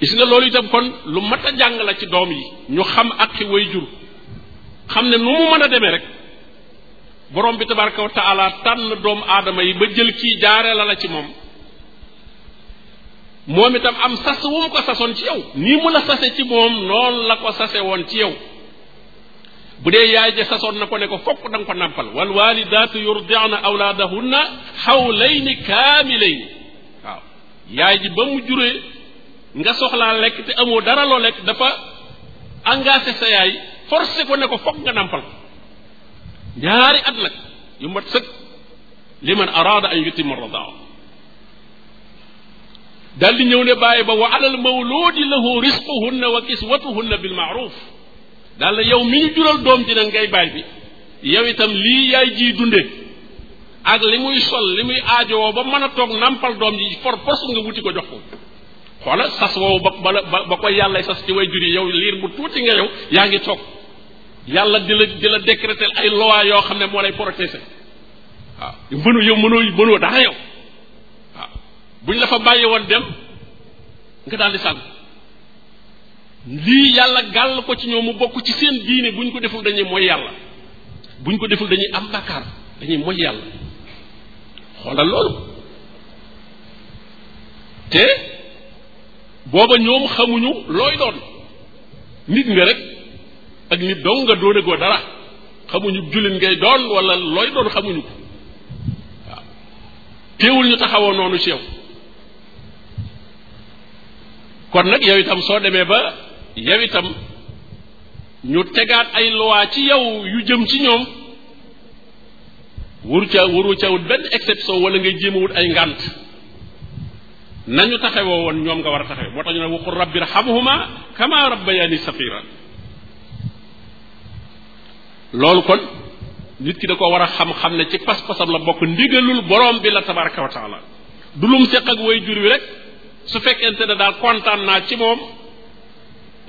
gis na loolu itam kon lu mat a jàng la ci doom yi ñu xam ak ci jur xam ne nu mu mën a demee rek borom bi tabaraka wa taala tànn doomu aadama yi ba jël kii jaaree la la ci moom moom itam am sas wu mu ko sasoon ci yow nii mu la sase ci moom noonu la ko sase woon ci yow bu dee yaay ja sasoon na ko ne ko fokk da nga ko nàmpal wal walidaatu yurdi'na awlaadahunna xawlayni kaamilayni waaw yaay ji ba mu juree nga soxlaa lekk te amoo dara loo lekk dafa engagé sa yaay forcé ko ne ko foog nga nàmpal ñaari at nag yu mat sëkk li man araada an yutima radaa daal di ñëw ne bàyyi ba wa alal mawluudi lahu risquhunna wa kiswatuhunna bil maaruf daal la mi ñu jural doom ji nag ngay baay bi yow itam lii yaay ji dunde ak li muy sol li muy aajowoo ba mën a toog nàmpal doom yi for force nga wuti ko jox ko xoola sas woowu ba bala ba ko yàlla sas ci way jur yow liir bu tuuti nga yow yaa ngi toog yàlla di la di la décréter ay loi yoo xam ne moo lay protéger waaw mënu yow yu mënoo daa yow waaw buñ la fa bàyyi woon dem nga daal di sànn lii yàlla gàll ko ci ñoom mu bokk ci seen diine buñ ko deful dañuy mooy yàlla buñ ko deful dañuy am bàkkaar dañuy mooy yàlla xoolal loolu te booba ñoom xamuñu looy doon nit nga rek ak nit dong nga doonagoo dara xamuñu jullit ngay doon wala looy doon xamuñu ko waaw teewul ñu taxawoo noonu ci yow kon nag yow itam soo demee ba yow itam ñu tegaat ay loi ci yow yu jëm ci ñoom wur ca waru ca wut benn exception wala ngay jéem ay ngànt nañu taxawoo woon ñoom nga war a taxawe moo tax ñu ne waxul rabbi rahamhuma kama rabbayani safira loolu kon nit ki da ko war a xam-xam ne ci pas-pasam la bokk ndigalul boroom bi la tabaraka wa taala du lum seq ak way jur wi rek su fekkente ne daal kontaan naa ci moom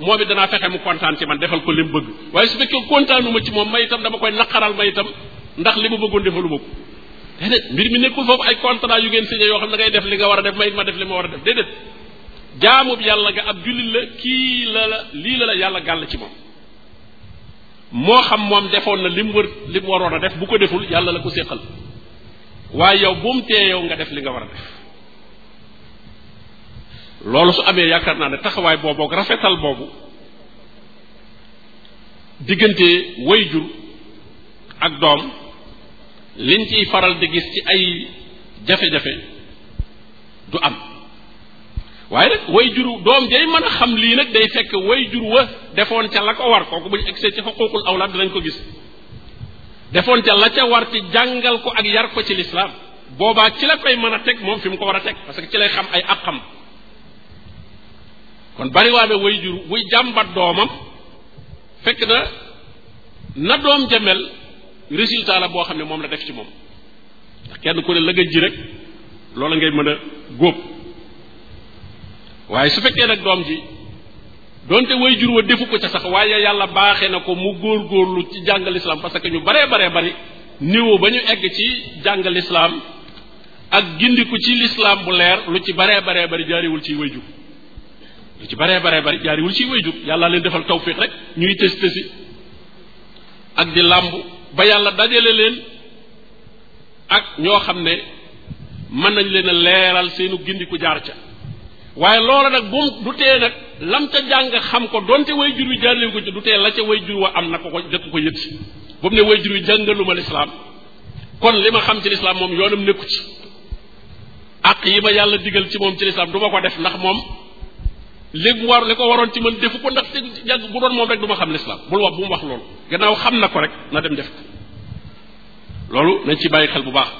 moom it danaa fexe mu kontaan ci man defal ko li mu bëgg waaye su fekkee kontaanuma ci moom may itam dama koy naqaral may itam ndax li mu bëggoon defalu ma ko déedéet mbir mi nekkul foofu ay contrat yu ngeen signé yoo xam ne ngay def li nga war a def may ma def li ma war a def déedéet jaamub yàlla nga ab jullit la kii la la lii la la yàlla gàll ci moom moo xam moom defoon na li mu war li mu waroon a def bu ko deful yàlla la ko séqal waaye yow bu mu nga def li nga war a def loolu su amee yaakaar naa ne taxawaay boobu ak rafetal boobu diggante way jur ak doom liñ ciy faral di gis ci ay jafe-jafe du am waaye nag way juru doom jay mën a xam lii nag day fekk woy jur wa defoon ca la ko war kooku bu ñu egsee ci ko gis defoon ca la ca war ci ko ak yar ko ci lislaam boobaa ci la koy mën a teg moom fi mu ko war a teg parce que ci lay xam ay àqam kon bariwaane way jur buy jàmbat doomam fekk na na doom ja résultat la boo xam ne moom la def ci moom ndax kenn ku ne la ji rek loola ngay mën góob waaye su fekkee nag doom ji doonte way jur wa defu ko ca sax waaye yàlla baaxe na ko mu góor góorgóorlu ci jàng lislaam parce que ñu baree baree bari niveau ba ñu egg ci jàng lislaam ak gindiku ci lislaam bu leer lu ci baree baree bari jaariwul ci way jur lu ci baree bare bari jaariwul ciy way jur yàlla leen defal tawfiq rek ñuy tës tësi ak di làmb ba yàlla dajale leen ak ñoo xam ne mën nañ leen a leeral seenu gindiku jaar ca waaye loola nag bu du tee nag lam ca jàng xam ko donte way jur wi jaarliwu ci du tee la ca way jur wa am na ko ko dëkk ko yët si bu ne way jur wi jàngalu ma lislaam kon li ma xam ci lislaam moom yoonam nekku ci ak yi ma yàlla digal ci moom ci lislaam du ma ko def ndax moom li war li ko waroon ci man defu ko ndax yàgg bu doon moom rek du ma xam lislaam bul wax bu mu wax loolu gannaaw xam na ko rek na dem def ko loolu nañ ci bàyyi xel bu baax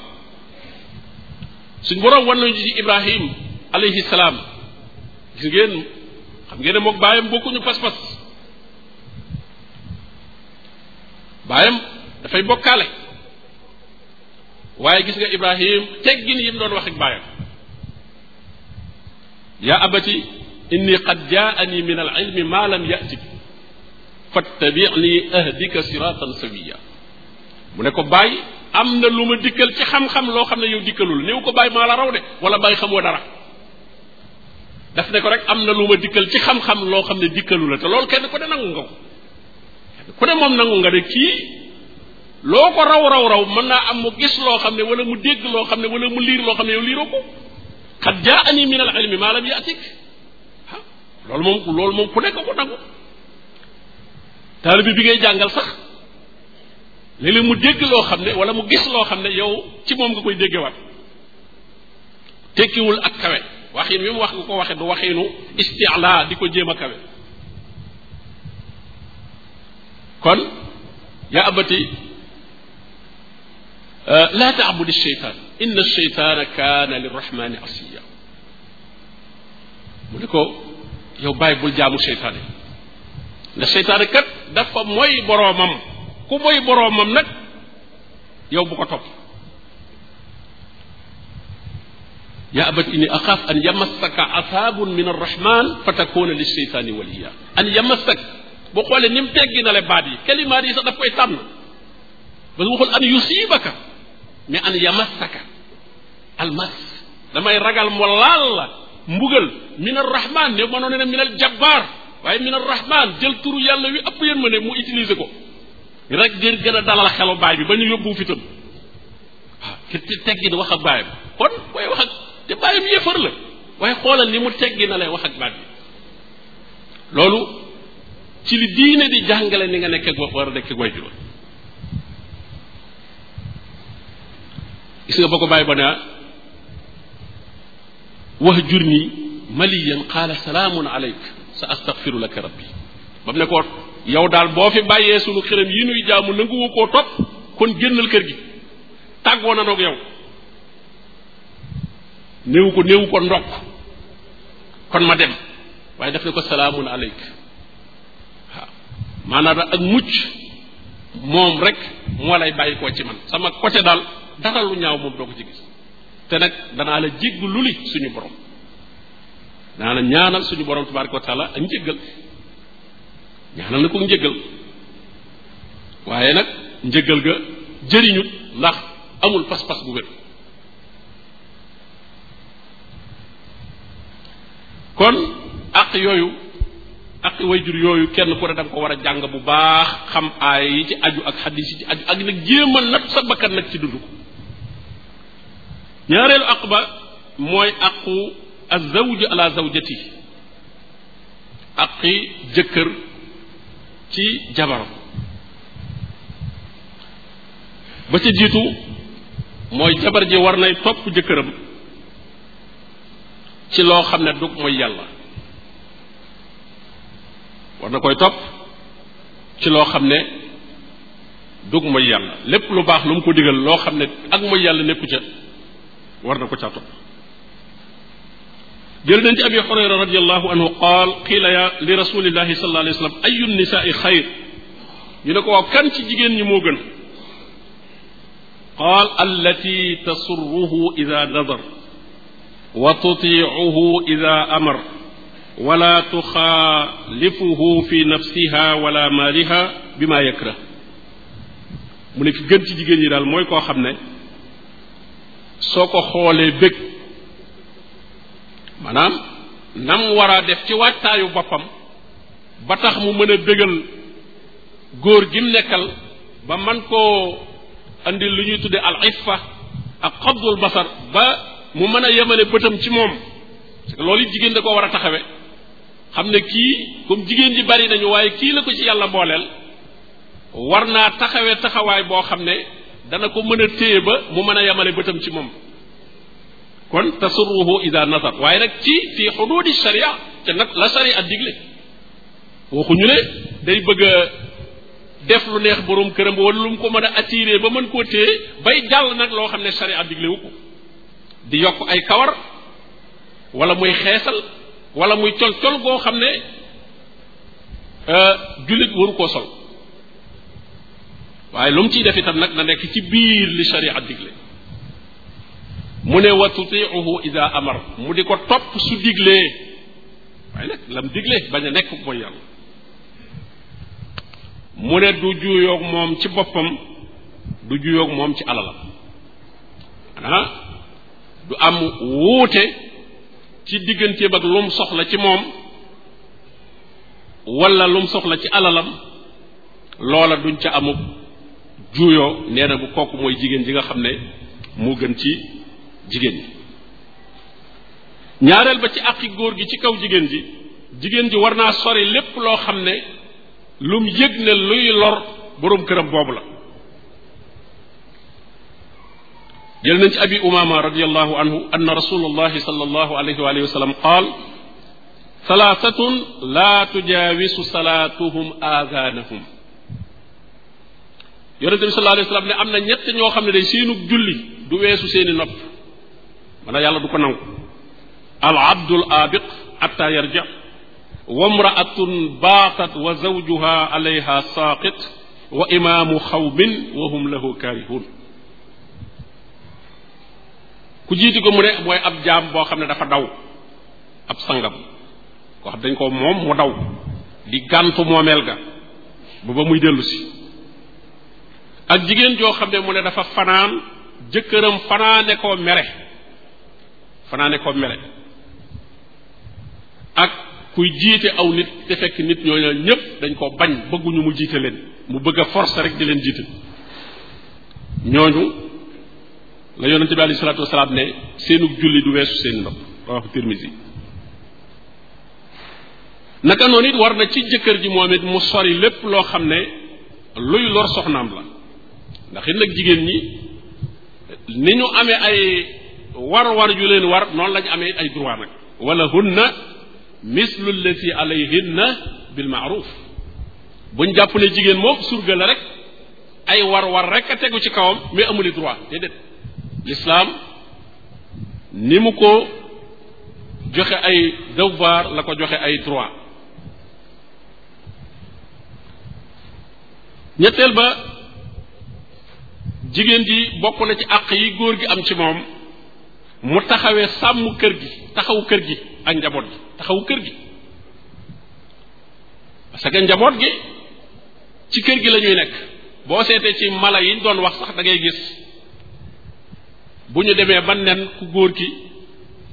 suñ boroom wan nañu ci ibrahim alayhi salaam gis ngeen xam ngeen mook baayam bokkuñu pas-pas baayam dafay mbokkaale waaye gis nga ibrahim teggin yi mu doon wax ak baayam yaa abati inni qad jaani min al ilmi ma lam yatik fattabini ahdika siratan sawiya mu ne ko bàyyi am na lu ma dikkal ci xam-xam loo xam ne yow dikkalul néew ko bàyyi maa la wala bàyyi xamoo dara daf ne ko rek am na lu ma dikkal ci xam loo xam ne dikkalu la te lool kenn ku ne nangu nga ko ku ne moom nangu nga de kii loo ko raw raw raw mën naa am mu gis loo xam ne wala mu dégg loo xam ne wala mu liir loo xam ne yow liiroo ko xad jaani min al ilmi maa lam yatik loolu moom loolu moom ku nekk ko nangu taalibi bi ngay jàngal sax léeg-léeg mu dégg loo xam ne wala mu gis loo xam ne yow ci moom nga koy déggewaat tekkiwul ak kawe waxin wi wax nga ko waxe du waxinu istiala di ko jéem a kawe kon yaa abati euh, laa taabudi sheytaan inna sheytaana kaana lirrahmani asiya mu ne ko yow bàyyi bul jaamu seytaane ndax seytaane kat dafa mooy boroomam ku mooy boroomam nag yow bu ko topp yaa abat inni axaaf an yamassaka asaabun min arrahman fa takuna li seytaani waliya an yamassak boo xoolee ni mu teggi na le baat yi kalimaat yi sax daf koy tànn ba waxul an yusibaka mais an yamassaka almas ragal mo mbugal min arrahman ne mënoon ne min al jabbaar waaye min arrahman jël turu yàlla wi ëpp yéen ma ne mu utiliser ko rek ngir gën a dalal xelu baay bi ba ñu yóbbu fitam waaw ah, ki teggin wax ak baayam kon booy wax ak te baayam yéefar la waaye xoolal ni mu teggi na lay wax ak baat bi loolu ci li diine di jàngale ni nga nekk ak war a nekk ak waajur gis nga ba ko bàyyi ba ne wahjurni maliyan qaala salaamun alayk sa astaghfiru laka rabbi ba mu ne ko yow daal boo fi bàyyee sunu xërëm yi nuy jaamu nanguwu koo topp kon génnal kër gi tàggoo na noog yow néewu ko néewu ko ndokk kon ma dem waaye daf ne ko salaamun aleyk waaw ak mucc moom rek moo lay bàyyi koo ci man sama côté daal dara lu ñaaw moom doo ko ci gis te nag danaa la jéggu luli suñu borom danaa ñaanal suñu borom tabaraka wa taala ak njéggal ñaanal na ko njéggal waaye nag njéggal ga jëriñut ndax amul pas-pas bu kon àq yooyu àq wayjur yooyu kenn ku ne da ko war a jàng bu baax xam aay yi ci aju ak xadis yi ci aju ak nag jéem a sa bakkan nag ci dund ñaareelu àq ba mooy àqu azawju ala zawjati àqi jëkkër ci jabaram ba ci jiitu mooy jabar ji war nay topp jëkkëram ci loo xam ne dug mooy yàlla war na koy topp ci loo xam ne dug mooy yàlla lépp lu baax lu mu ko digal loo xam ne ak mooy yàlla nekku ca war na ko caa topp jël nañ ci abi xurayra radiallahu anhu qaal qiila ya li rasulillahi sallallahu alayhi wa sallam ayu nisaai xayr ñu ne ko waaw kan ci jigéen ñi moo gën qaal allati tasurruhu ida nadar wa tutiicuhu ida amar wala tuxaalifuhu fi nafsiha wala maaliha bima yakrah mu ne ki gën ci jigéen ñi daal mooy koo xam ne soo ko xoolee bég maanaam nam war a def ci waajtaayu boppam ba tax mu mën a bégal góor gi mu nekkal ba man koo indi lu ñuy tudde al iffa ak xabdul basar ba mu mën a yemale bëtam ci moom parce que loolu jigéen da ko war a taxawe xam ne kii comme jigéen ji bari nañu waaye kii la ko ci yàlla booleel war naa taxawe taxawaay boo xam ne dana ko mën a téye ba mu mën a yamale bëtam ci moom kon tasurruhu ida nasar waaye nag ci fii xuduudi sharia te nag la sharia digle ñu ne day bëgg a def lu neex borom këram wala lu mu ko mën a attiré ba mën koo téye bay jàll nag loo xam ne sharia digle wu ko di yokk ay kawar wala muy xeesal wala muy col col goo xam ne euh, jullit waru koo sol waaye lu mu ciy def itam nag na nekk ci biir li sharia digle mu ne wa tutiuhu mu di ko topp su diglee waaye nag lam diglee bañ a nekk mooy yàlla mu ne du juuyoog moom ci boppam du juuyoog moom ci alalam ah du am wuute ci digganteem ak lum soxla ci moom wala lum soxla ci alalam loola duñ ca amub juuyoo nee na bu kooku mooy jigéen ji nga xam ne moo gën ci jigéen ñi ñaareel ba ci àqi góor gi ci kaw jigéen ji jigéen ji war naa sori lépp loo xam ne lum yëg ne luy lor boroom këram boobu la jël nañ ci abi umama radiallahu anhu anna rasulullahi sallallahu alayhi wa alihi wa sallam qaal salaatatun laa tujaawisu salaatuhum aazaanahum yonente bi sallallahu am na ñett ñoo xam ne day seenug julli du weesu seeni nopp maanaam yàlla du ko nangu al abdul abiq atta yarja wa mraatun baaqat wa zawjuha alayha saaqit wa imaamu xawmin wa hum lahu kaarihuun ku jiiti ko mu ne mooy ab jaam boo xam ne dafa daw ab sangam koo xam dañ ko moom mu daw di gàntu moomeel ga ba ba muy dellu ak jigéen joo xam ne mu ne dafa fanaan jëkkëram fanaane koo mere fanaane koo mere ak kuy jiite aw nit te fekk nit ñooñu ñëpp dañ ko bañ bëgguñu mu jiite leen mu bëgg a force rek leen jiite ñooñu la yonente bi alayhi salaatu wasalaam ne seenug julli du weesu seen ndox wax Tirmisi naka noonu it war na ci jëkkër ji moom it mu sori lépp loo xam ne luy lor soxnaam la ndax it nag jigéen ñi ni ñu amee ay war-war yu leen war noon lañu amee ay droit nag wala hunna mislu llati alayhinna bil maaruf buñ jàpp ne jigéen moo surga la rek ay war-war rek a tegu ci kawam amul amuli droit déedéet lislaam ni mu ko joxe ay devoir la ko joxe ay droit ñetteel ba jigéen ji bokk na ci àq yi góor gi am ci moom mu taxawee sàmm kër gi taxaw kër gi ak njaboot gi taxaw kër gi parce que njaboot gi ci kër gi lañuy nekk boo seetee ci mala yi doon wax sax dangay ngay gis bu ñu demee ba nen ku góor ki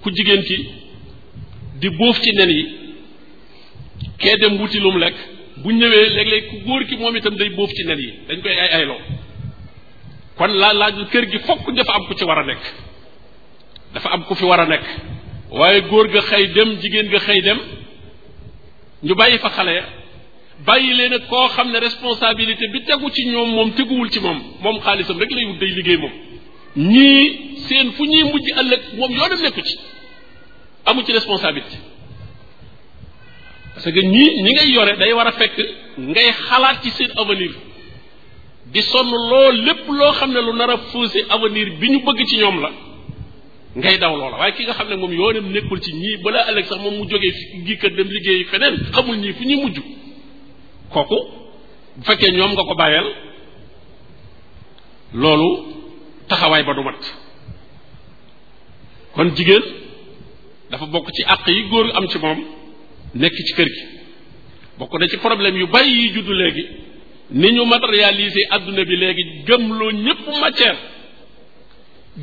ku jigéen ki di bóof ci nen yi kee dem wuti lum lekk bu ñëwee léeg lekk ku góor ki moom itam day bóof ci nen yi dañ koy ay ayloo kon laa laaju kër gi fokk dafa am ku ci war a nekk dafa am ku fi war a nekk waaye góor ga xëy dem jigéen nga xëy dem ñu bàyyi fa xale ya bàyyi leen koo xam ne responsabilité bi tegu ci ñoom moom teguwul ci moom moom xaalisam rek lay wut day liggéey moom ñii seen fu ñuy mujj ëllëg moom yoonam nekku ci amu ci responsabilité parce que ñii ñi ngay yore day war a fekk ngay xalaat ci seen avenir di sonn lool lépp loo xam ne lu nar a fausser avenir bi ñu bëgg ci ñoom la ngay daw loola waaye ki nga xam ne moom yoonam nekkul ci ñii balaa ëllëg sax moom mu jógee ngi kër dem liggéey feneen xamul ñii fu ñuy mujj kooku bu fekkee ñoom nga ko bàyyeel loolu taxawaay ba du mat kon jigéen dafa bokk ci àq yi góor am ci moom nekk ci kër gi bokk na ci problème yu bari yi juddu léegi ni ñu matérialiser adduna bi léegi gëmloo ñëpp matière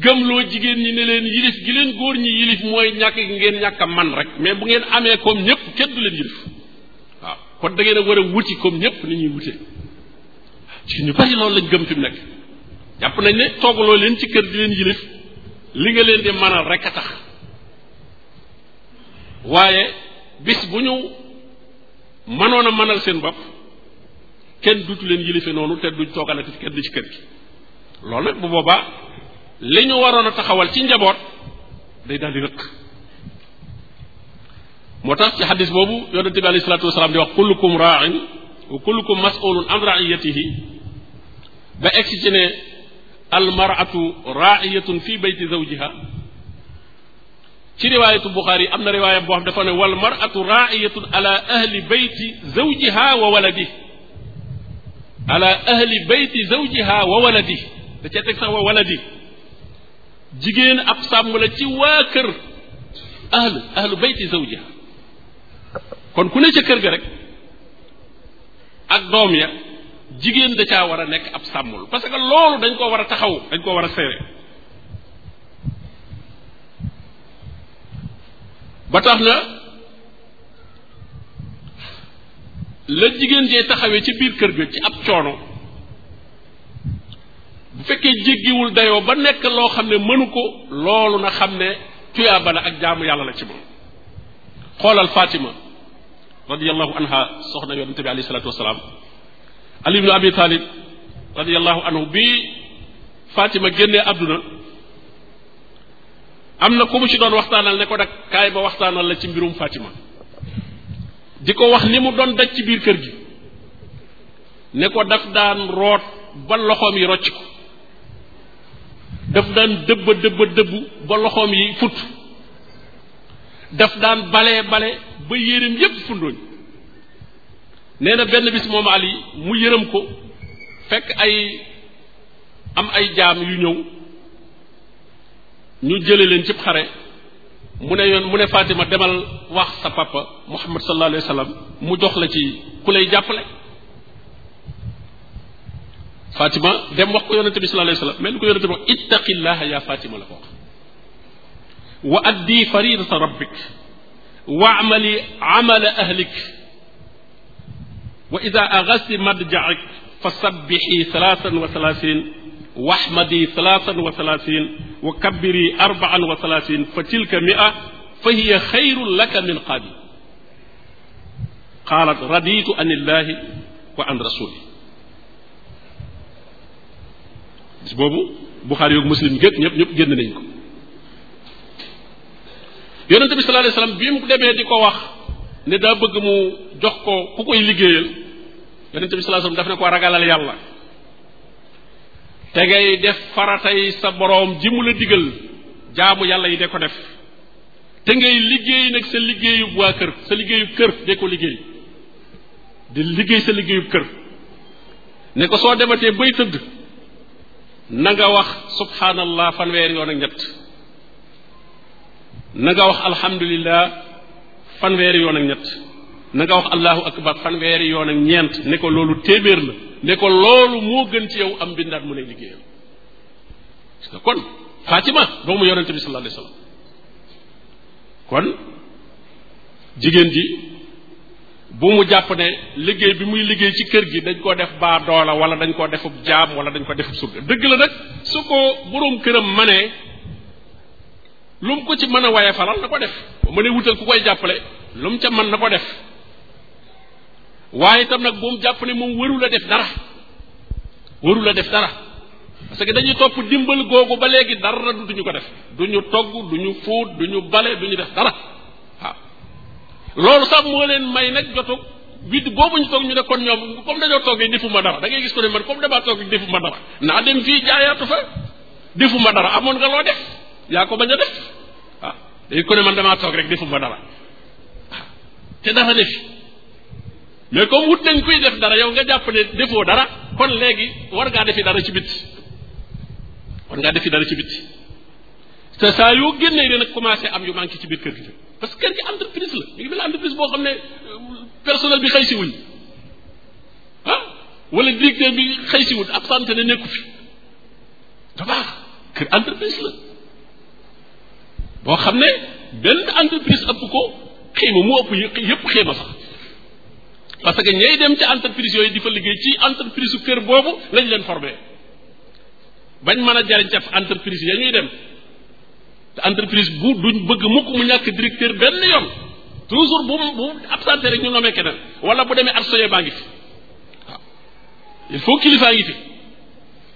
loo jigéen ñi ne leen yilif gi leen góor ñi yilif mooy ñàkk gi ngeen ñàkk man rek mais bu ngeen amee comme ñëpp kenn du leen yilif waaw kon da ngeen a war a wuti comme ñëpp ni ñuy wute ci ñu bari loolu lañ gëm fi nekk jàpp nañ ne toogaloo leen ci kër di leen yilif li nga leen di mënal rek a tax waaye bis bu ñu mënoon a mënal seen bopp kenn dutu leen yilife noonu te duñ tooganati kenn ci kër gi loolu nag bu boobaa li ñu waroon a taxawal ci njaboot day daal di rëkk moo tax ci xadis boobu yonente bi alayhi salaatu wasalaam di wax kullukum raain wa kullukum masulun an raiyatihi ba egsi ci ne almaratu raiyatun fi bayti zawjiha ci riwaayatu buxaari am na riwaaya boo xam dafa ne wal maratu ala ahli bayti zawjiha wa ala ahli bayti zawjiha wa waladi da ca teg sax wa waladi jigéen ab sàmm la ci waa kër ahl ahlu bayti zawjiha kon ku ne ca kër ga rek ak doom ya jigéen da caa war a nekk ab sàmmul parce que loolu dañ koo war a taxaw dañ koo war a seere ba tax na la jigéen jee taxawee ci biir kër ga ci ab coono bu fekkee jéggiwul dayoo ba nekk loo xam ne mënu ko loolu na xam ne tuyaaba ak jaamu yàlla la ci moom xoolal Fatima radiyallahu anha soxna yonente bi alayhi salaatu wasalaam Ali ibn radiyallahu anhu bi Fatima génnee àdduna am na ku mu ci doon waxtaanal ne ko nag kaay ba waxtaanal la ci mbirum Fatima di ko wax ni mu doon daj ci biir kër gi ne ko daf daan root ba loxoom yi rocc ko daf daan dëbba dëbba dëbbu ba loxoom yi fut daf daan bale bale ba yéreem yépp fundooñ nee na benn bis moom Ali mu yërëm ko fekk ay am ay jaam yu ñëw ñu jële leen cib xare mu ne yoon mu ne Fatima demal wax sa papa Muhammad sallallahu alayhi wa sallam mu jox la ci ku lay jàppale Fatima dem wax ko yonente bi sallallahu alayhi wa sallam mel ni ko yonente bi wax ittaqillaha ya Fatima la ko wax wa addi faridata rabbik wa amali amala ahlik wa ida agasti madjaik fa sabbixi salaatan wa salaasin waxmadi salaasan wa salaasin wa kabbiri arbaan wa salaasin fa tilka mia fa hiya xayrun laka min qaadi qaalat raditu an illahi wa an rasuli bis boobu buxaari yoog muslim gépp ñëpp ñëpp génn nañ ko yonente bi sallallahu alayhi wasallam bi mu demee di ko wax ne daa bëgg mu jox ko ku koy liggéeyal yonente bi sallallahu alayhi wasallam daf ne ko ragalal yàlla te ngay def faratay sa boroom ji mu la digal jaamu yàlla yi de ko def te ngay liggéey nag sa liggéeyub waa kër sa liggéeyub kër de ko liggéey di liggéey sa liggéeyub kër ne ko soo dematee bay tëdd na nga wax subhaanallah fanweer yoon ak ñett na nga wax alhamdulillah fanweeri yoon ak ñett na nga wax allahu akbar fanweeri yoon ak ñeent ne ko loolu téeméer la ne ko loolu moo gën ci yow am mbindaat mu lay liggéeyal parce kon Fatima doomu yonente bi sallallahu alayhi wasallam kon jigéen ji bu mu jàpp ne liggéey bi muy liggéey ci kër gi dañ koo def baa doola wala dañ koo defub jaam wala dañ ko defub surga dëgg la nag su ko boroom këram manee lu mu ko ci mën a waye falal na ko def bu mënee wutal ku koy jàppale lu mu ca mën na ko def waaye itam nag boobu mu jàpp ne moom warul a def dara warul a def dara parce que dañuy topp dimbal googu ba léegi dara du duñu ko def duñu togg duñu fóot duñu bale duñu def dara waaw loolu sax moo leen may nag jotug witt boobu ñu toog ñu ne kon ñoom comme dañoo toog yi defu ma dara da ngay gis ko ne man comme defu ma dara naa dem fii jaayaatu fa defu ma dara amoon nga loo def yaa ko bañ a def waaw dañu ko ne man damaa toog rek defu ma dara waaw te dara defi mais comme wut nañ koy def dara yow nga jàpp ne defoo dara kon léegi war ngaa defi dara ci biti war ngaa defi dara ci biti sa saa yoo génnee na commencé am yu manqué ci biir kër gi parce que kër gi entreprise la ñu ngi entreprise boo xam ne euh, personnel bi xëy si wuñ ah wala bi xëy si wuñ nekku fi da xam ne benn entreprise ëpp ko xëy ma mu ëpp yëpp xëy ma sax. parce que ñay dem ci entreprise yooyu di fa liggéey ci entreprise su kër boobu lañ leen formé bañ mën a jariñ ca entreprise ya dem te entreprise bu duñ bëgg mukk mu ñàkk directeur benn yoon toujours bu bu absenté rek ñu nomee keneen wala bu demee ab soye baa ngi fi il faut kilifaa ngi fi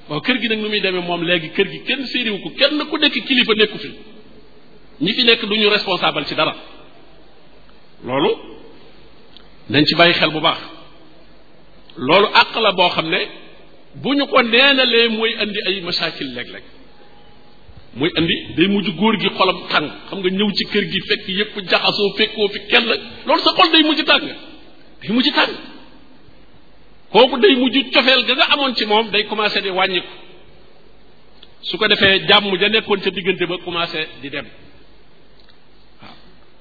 waaw kër gi nag nu muy demee moom léegi kër gi kenn séeriwu ko kenn ku nekk kilifa nekku fi ñi fi nekk duñu responsable ci dara loolu nañ ci bàyyi xel bu baax loolu àq la boo xam ne bu ñu ko neenalee mooy indi ay masaakil léeg-léeg mooy indi day mujj góor gi xolam tàng xam nga ñëw ci kër gi fekk yépp jaxasoo fekkoo fi kenn loolu sa xol day mujj tàng day mujj tàng kooku day mujj cofeel ga nga amoon ci moom day commencé di wàññiku su ko defee jàmm ja nekkoon ca diggante ba commencé di dem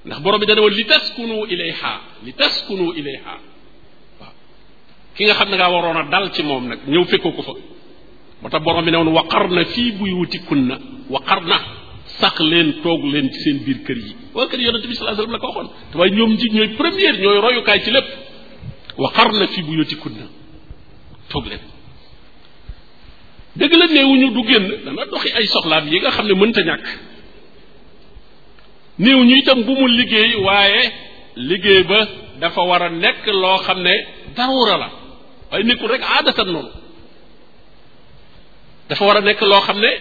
ndax borom bi dana woon li taskunu ilayha li taskunu ilayha waaw ki nga xam ne ngaa waroon a dal ci moom nag ñëw fekkoo ko fa moo tax borom bi ne woon na fii buyutikunna waqarna sax leen toog leen ci seen biir kër yi waa kër yonente bi sallallahu la ko waxoon te waaye ñoom ji ñooy première ñooy royukaay ci lépp waqarna fii buyutikunna toog leen dëgg la néewuñu du génn dana doxi ay soxlaam yi nga xam ne mënta ñàkk néew ñu itam bu mu liggéey waaye liggéey ba dafa war a nekk loo xam ne daruura la waaye nekkul rek aadatan noonu dafa war a nekk loo xam ne